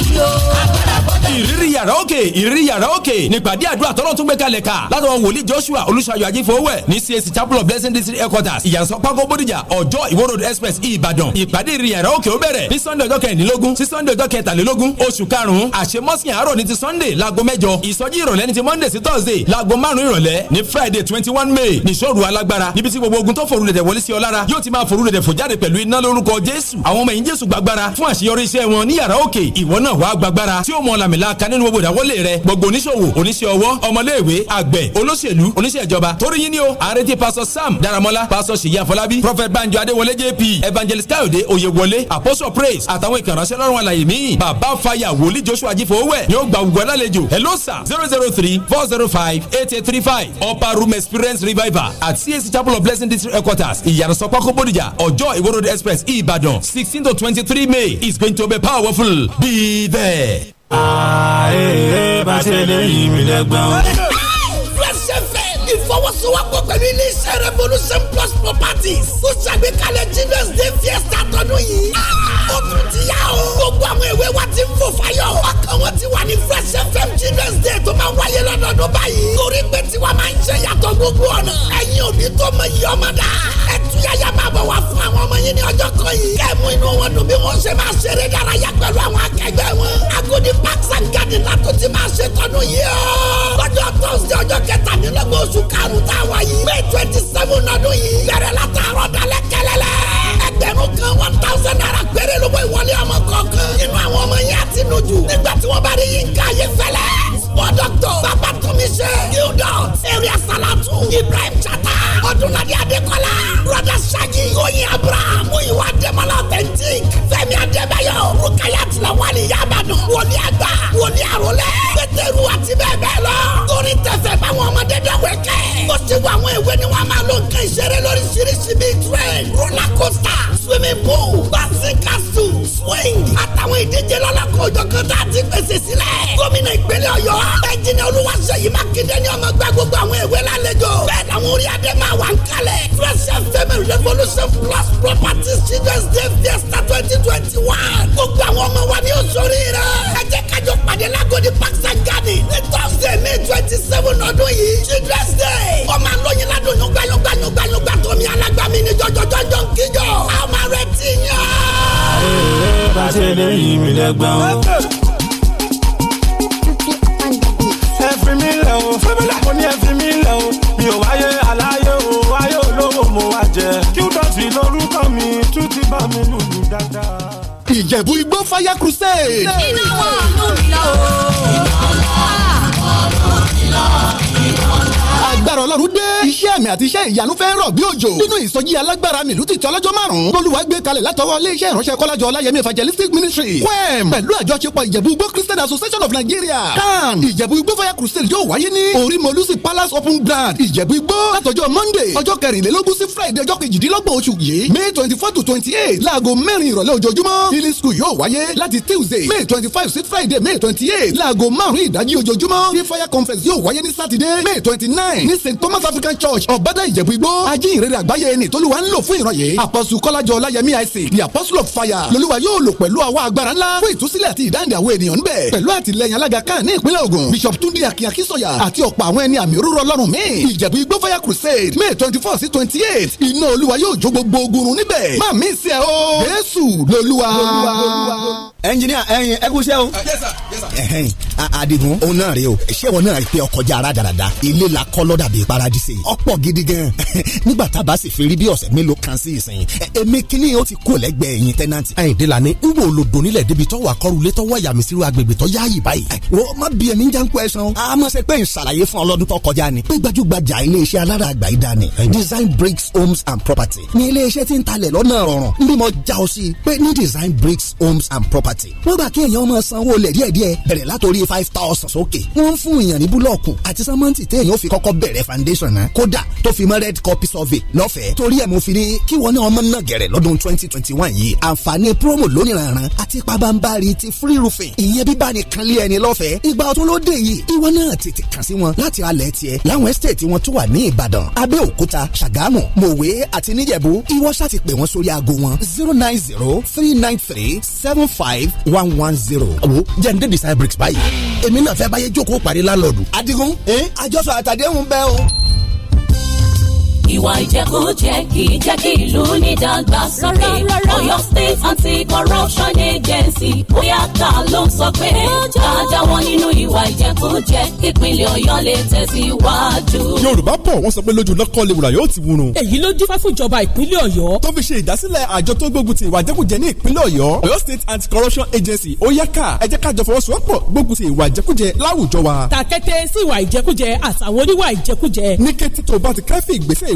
yìí o. ìrírí yàrá òkè ìrírí yàrá òkè nípàdé àdúrà tọ́lọ́ tún gbé kalẹ̀ ká látọ̀wọ̀n wòlíì Joshua Olúṣayọ̀ ajífowówẹ̀ ní CAC chapel of blessing district headquarters ìyànsọ́ pákó bódìjà ọjọ́ ìwó road express Ìbàdàn ìpàdé ìrírí yàrá òkè ó bẹ̀rẹ̀ ní Sunday ọjọ́ kẹrìndínlógún sí Sunday ọjọ́ kẹtàlélógún oṣù karùn-ún àṣemọ́sìn àárọ̀ ní ti Sunday láago mẹ́jọ ìsọjí ìrọ̀lẹ́ ní ti Monday sí Thursday láago márùn-ún ìrọ̀lẹ́ ní Friday twenty one May níṣòro alágbára níbi tí gbogbo ogun tó forúlẹ̀dẹ̀ wọlé sí ọ lára yóò ti máa forúlẹ̀dẹ̀ fòjáde pẹ̀lú iná lórúkọ Jésù àwọn ọmọ ẹ̀yìn Jésù gbàgbára fún àṣeyọrí náà wàá gbagbára tí ó mọ làmìlaka nínú gbogbo ìdáwọlé rẹ gbogbo oníṣòwò oníṣẹ́ ọwọ́ ọmọléèwé àgbẹ̀ olóṣèlú oníṣẹ́ ìjọba torí yín ni o àrètí pásọ sam daramọlá pásọ ṣèyí àfọlábí prophet banjo adéwọlé jp evangelist káyọ̀dé oyèwọlé apostle praise àtàwọn ìkànnì ọlọ́run àlàyé míì bàbá fàyà wòlí joshua jífowówẹ̀ ni ó gba ògùn alálejò hello sir zero zero three four zero five eight eight three five upper room experience revival at cac chapel of blessing district headquarters ìyàrá bòdìjà ọjọ́ ìwó road express ìbàdàn sixteen to twenty-three may is going to be powerful bíi rí bẹ́ẹ̀. ààyè bá ṣe lè yí mi lẹ́gbọ́n. fresh fm ìfọwọ́sowọ́pọ̀ pẹ̀lú iléeṣẹ́ revolution plus properties tó ṣàgbékalẹ̀ children's day fiesta tọdún yìí ó tún ti yá o. gbogbo àwọn ìwé wa ti ń fò fáyọ̀. ọkàn wọn ti wà ní fresh fm children's day tó máa wáyé lọ́dọọdún báyìí. torí pé tiwa máa ń ṣe yàtọ̀ gbogbo ọ̀nà. ẹ̀yin òbí tó mọ iye ọmọ dá. ẹ̀túyàyà máa bọ̀ wá fún àwọn ọmọ yín ní ọjọ́ kan yìí. kẹ́ẹ̀mú inú wọn dùn bí wọ́n ṣe máa ṣeré dárayá pẹ̀lú àwọn akẹgbẹ́ wọn. Agodi parks and garden látó ti máa ṣe tọ́nu yìí ọ́. lọ́jọ́ tọ́sí ọjọ́ kẹtàdínlọ́gbọ̀n oṣù karùn-ún táwa yìí. May twenty seven ọdún yìí. bẹ̀rẹ̀ látàárọ̀ dalẹ́ ẹgbẹ̀rún kan one thousand naira péré lówó ìwọlé ọmọ kọ̀ọ̀kan inú àwọn ọmọ yẹn àti nujú nígbà tí wọ́n bá rí yínká yé fẹ́lẹ́ sport doctor babatunmise gildon area salatu ibrahim chata ọdúnladé adékọlá brother shaggy oyin abraham muyiwa adémọlá authentic fẹ́mi adébáyọ̀ rukaya tilawali yabadan wòlíì àgbà wòlíì àrólẹ pétérù àti bẹ́ẹ̀ bẹ́ẹ̀ lọ torí tẹfẹ báwọn ọmọdé dẹwẹkẹ kò sí wọn àwọn ìwé ni wọn máa lò nǹkan ìṣeré lórí ṣíríṣìí revolution plus properties children's day fiesta 2021. twenty one. gbogbo àwọn ọmọ wa ni ó sori rẹ̀. ẹ jẹ́ kájọ pàdé lágodi park sangani ní thursday may twenty seven ọdún yìí children's day. ọmọ alóyin ládùn yóò gbà yóò gbà yóò gbà yóò gbà tómi alágbàmí ni jọjọjọjọ ń kíjọ. a máa retí yàn. ẹ ẹ bá ṣe lè yí mi lẹ́gbẹ̀ẹ́ o. ìjẹ̀bú igbó fire crusade. iná wà lómi lọ. iná wà lómi lọ agbára ọlọ́run dé iṣẹ́ àmì àti iṣẹ́ ìyanu fẹ́ rọ̀ bí òjò nínú ìsọjí alágbára nílùú tìtọ́ ọlọ́jọ́ márùn-ún lọ́lùwà gbé kalẹ̀ látọwọ́ iléeṣẹ́ ìránṣẹ́ kọ́lájọ ọláyẹmí evangelistic ministry wẹ́ẹ̀m pẹ̀lú àjọṣepọ̀ ìjẹ̀bú igbó christian association of nigeria kan ìjẹ̀bú igbó fire crusade yóò wáyé ní orimolusi palace open ground ìjẹ̀bú igbó látọjọ́ monday ọjọ́ kẹrìnlélógún sí friday ọjọ́ kejìdínlọ́gbọ̀n oṣù yìí may twenty four to twenty eight láago mẹ́rin ìrọ̀lẹ́ ojoojúmọ́ healing school yóò wáyé láti tuesday may twenty five sí friday may twenty eight láago márùn-ún ìdájí fire conference yóò wáyé ní saturday may twenty st thomas african church ọ̀bádà ìjẹ̀bú igbó ajínrere àgbáyé ẹni tólúwa ń lò fún ìran yìí àpọ̀sù kọ́lájọ ọláyẹmí isaac the apostle of fire lolúwa yóò lò pẹ̀lú àwa agbára ńlá fún ìtúsílẹ̀ àti ìdáǹdè àwọn ènìyàn níbẹ̀ pẹ̀lú àtìlẹyìn alága kan ní ìpínlẹ̀ ògùn bishop tunde akínyakísọ̀yà àti ọ̀pọ̀ àwọn ẹni àmì òróró ọlọ́run míì ìjẹ̀bú igbó fire crusade may twenty four sí twenty eight iná olúwa yóò jó gbogbo ogun run níbẹ̀ má mí sí ẹ o jésù lolúwa ẹnjiníà ẹyin ẹgúsẹ́ o. Uh, ẹhìn adigun òun náà rè o ṣé wọn náà rí pé ọkọ̀ já ara dáradára ilé la kọ́ lọ́dà bíi paradise ọ̀pọ̀ gidi gan nígbà tá a bá sì fi rí bí ọ̀sẹ̀ mélòó kan sí ìsìn èmi kíní ó ti kú lẹ́gbẹ̀ẹ́ yín tẹ́nanti. ẹ̀yin dila ni n wo lo donilẹ̀ débi tọ́wọ́ akọ́rùlé tọ́wọ́ yàmísírù agbègbè tọ́ yáàyè báyìí. wọ́n má bí ẹni jẹ́ ń kó ẹ̀sán. a máa ṣe pé ìṣàlàyé fún ọlọ́dún tó kọjá ni. pé gbajúgbajà iléeṣẹ́ alára àgbà yìí dání. design bricks homes and property ni iléeṣẹ́ ti ń talẹ̀ lọ́nà rọrùn. n bí mo já ọ design bricks homes and property property wọ́n gbà kí èèyàn máa sanwó lẹ̀ díẹ̀díẹ̀ bẹ̀rẹ̀ látòrí five thousand sókè wọ́n fún èèyàn ní búlọ̀kù àti sẹ́mọ́ǹtì téèyàn ó fi kọ́kọ́ bẹ̀rẹ̀ foundation náà kódà tó fi mọ́ red copy survey lọ́fẹ̀ẹ́ torí ẹ̀ mo fi ní kí wọ́n ní ọmọ náà gẹ̀rẹ̀ lọ́dún twenty twenty one yìí àǹfààní promo lóníranran àti pabambari ti free roofing ìyẹn bíbá ni kan lé ẹni lọ́fẹ̀ẹ́ ìgbà ọ̀tún ló dé yìí ìwọ náà tètè kàn sí wọn láti alẹ̀ tiẹ̀ láwọn estate wọn tó wà ní Ìbàdàn Abẹ́òkúta Ṣàgámù Mòwe àti zero nine zero three nine three seven five five one one zero. àwo jẹ́ ń dé design bricks báyìí èmi náà fẹ́ báyé jókòó parí landlord. adigun ẹ́ àjọsọ àtàdéhùn bẹ́ẹ̀ o ìwà ìjẹkújẹ kì í jẹ́ kí ìlú ní dàgbàsókè Ọ̀yọ́ State Anti-Corruption Agency bóyá ká ló ń sọ pé ká jáwọ́ nínú ìwà ìjẹkújẹ kí ìpínlẹ̀ Ọ̀yọ́ lè tẹ̀síwájú. Yorùbá bọ̀ wọ́n sọ pé lójú náà kọ́ lewura yóò ti wúrun. èyí ló dífá fún ìjọba ìpínlẹ̀ Ọ̀yọ́. tó fi ṣe ìdásílẹ̀ àjọ tó gbógun ti ìwà ìjẹkújẹ ní ìpínlẹ̀ Ọ̀yọ́ Ọ̀yọ́ State Anti-Corruption Agency ó yẹ ká ẹ jẹ́ ká jọ fọwọ́sowọ́pọ̀ gbógun ti ìwà ìjẹkújẹ láwùjọ wa. tàkété sí ìwà ìjẹkújẹ àtàwọn oníwà ìjẹkújẹ. ní kété tó bá ti kẹ́fì ìgbésẹ̀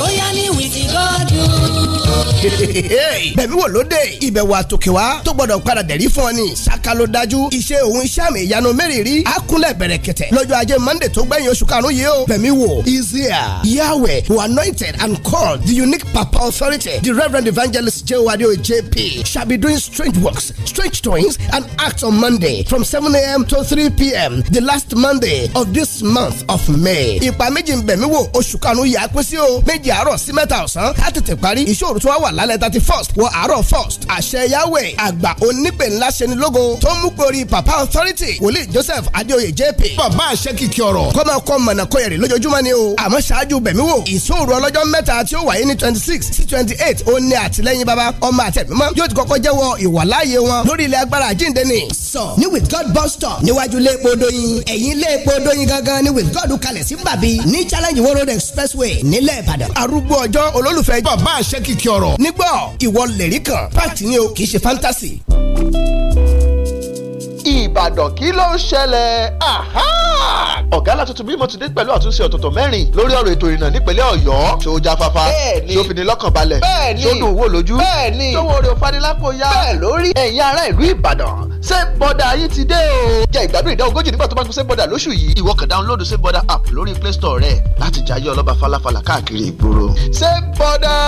ó yá ní wìkì gọ́dù. bẹ̀bí wò ló dé ìbẹ̀wò àtòkèwá tó gbọ́dọ̀ padà dẹ̀rí fún ọ ni ṣáká ló dájú iṣẹ́ òun iṣẹ́ àmì ìyanu mẹ́rìírí àkúnlẹ̀ bẹ̀rẹ̀ kẹtẹ̀ lọ́jọ́ ajé monday tó gbẹ̀yìn oṣù karùn-ún yìí o bẹ̀mí wò easier yahweh who anointed and called the unique papa authority the reverend evangelist jeo adio jp shall be doing strange works strange doings and acts on monday from seven a.m. to three p.m. the last monday of this month of may ìpàméjì bẹ̀mí wò oṣù karùn-ún yìí àpèsè o méjì méje àárọ̀ sí mẹ́ta ọ̀sán ká tètè parí ìṣòro tó wà lálẹ́ thirty first wọ àárọ̀ first àṣẹ yahweh àgbà onípè ńlá ṣeni lógo tó mú gbòòrì papa authority wòlíì joseph adéoyè jp. bàbá àṣẹ kìkì ọ̀rọ̀ kọ́ máa kọ́ mọ̀nà kọ́ lójoojúmọ́ ni o àmọ́ ṣáájú bẹ̀mí wò ìṣòro ọlọ́jọ́ mẹ́ta tí ó wáyé ní twenty six sí twenty eight ó ní àtìlẹ́yìn baba ọmọ àtẹ̀mímọ́ yóò ti kọ́kọ́ jẹ́wọ́ ìwàláàyè god arúgbó ọjọ́ olólùfẹ́ bàbá àṣẹ kìkì ọ̀rọ̀ nígbà ìwọ lẹ̀rí kan pàtì ni o kì í ṣe fantasy ìbàdàn kí ló ń ṣẹlẹ̀ ọ̀gá látúntún bímọ ti dé pẹ̀lú àtúnṣe ọ̀tọ̀tọ̀ mẹ́rin lórí ọ̀rọ̀ ètò ìrìnnà nípínlẹ̀ ọ̀yọ́ ṣé ó jáfáfá ṣé ó fi ní lọ́kàn balẹ̀ ṣé ó dùn wò lójú ṣé owó orí òfanilápò ya bẹ́ẹ̀ lórí ẹ̀yin ará ìlú ìbàdàn ṣé bọ́dà yìí ti dé o. jẹ́ ìgbádùn ìdá ogójì nígbà tó bá ń gbé ṣé bọ́dà lóṣù yìí ìwọ kàn dáńlódù ṣé bọ́dà app lórí play store rẹ láti jayé ọlọ́ba falafala káàkiri ìgboro. ṣé bọ́dà.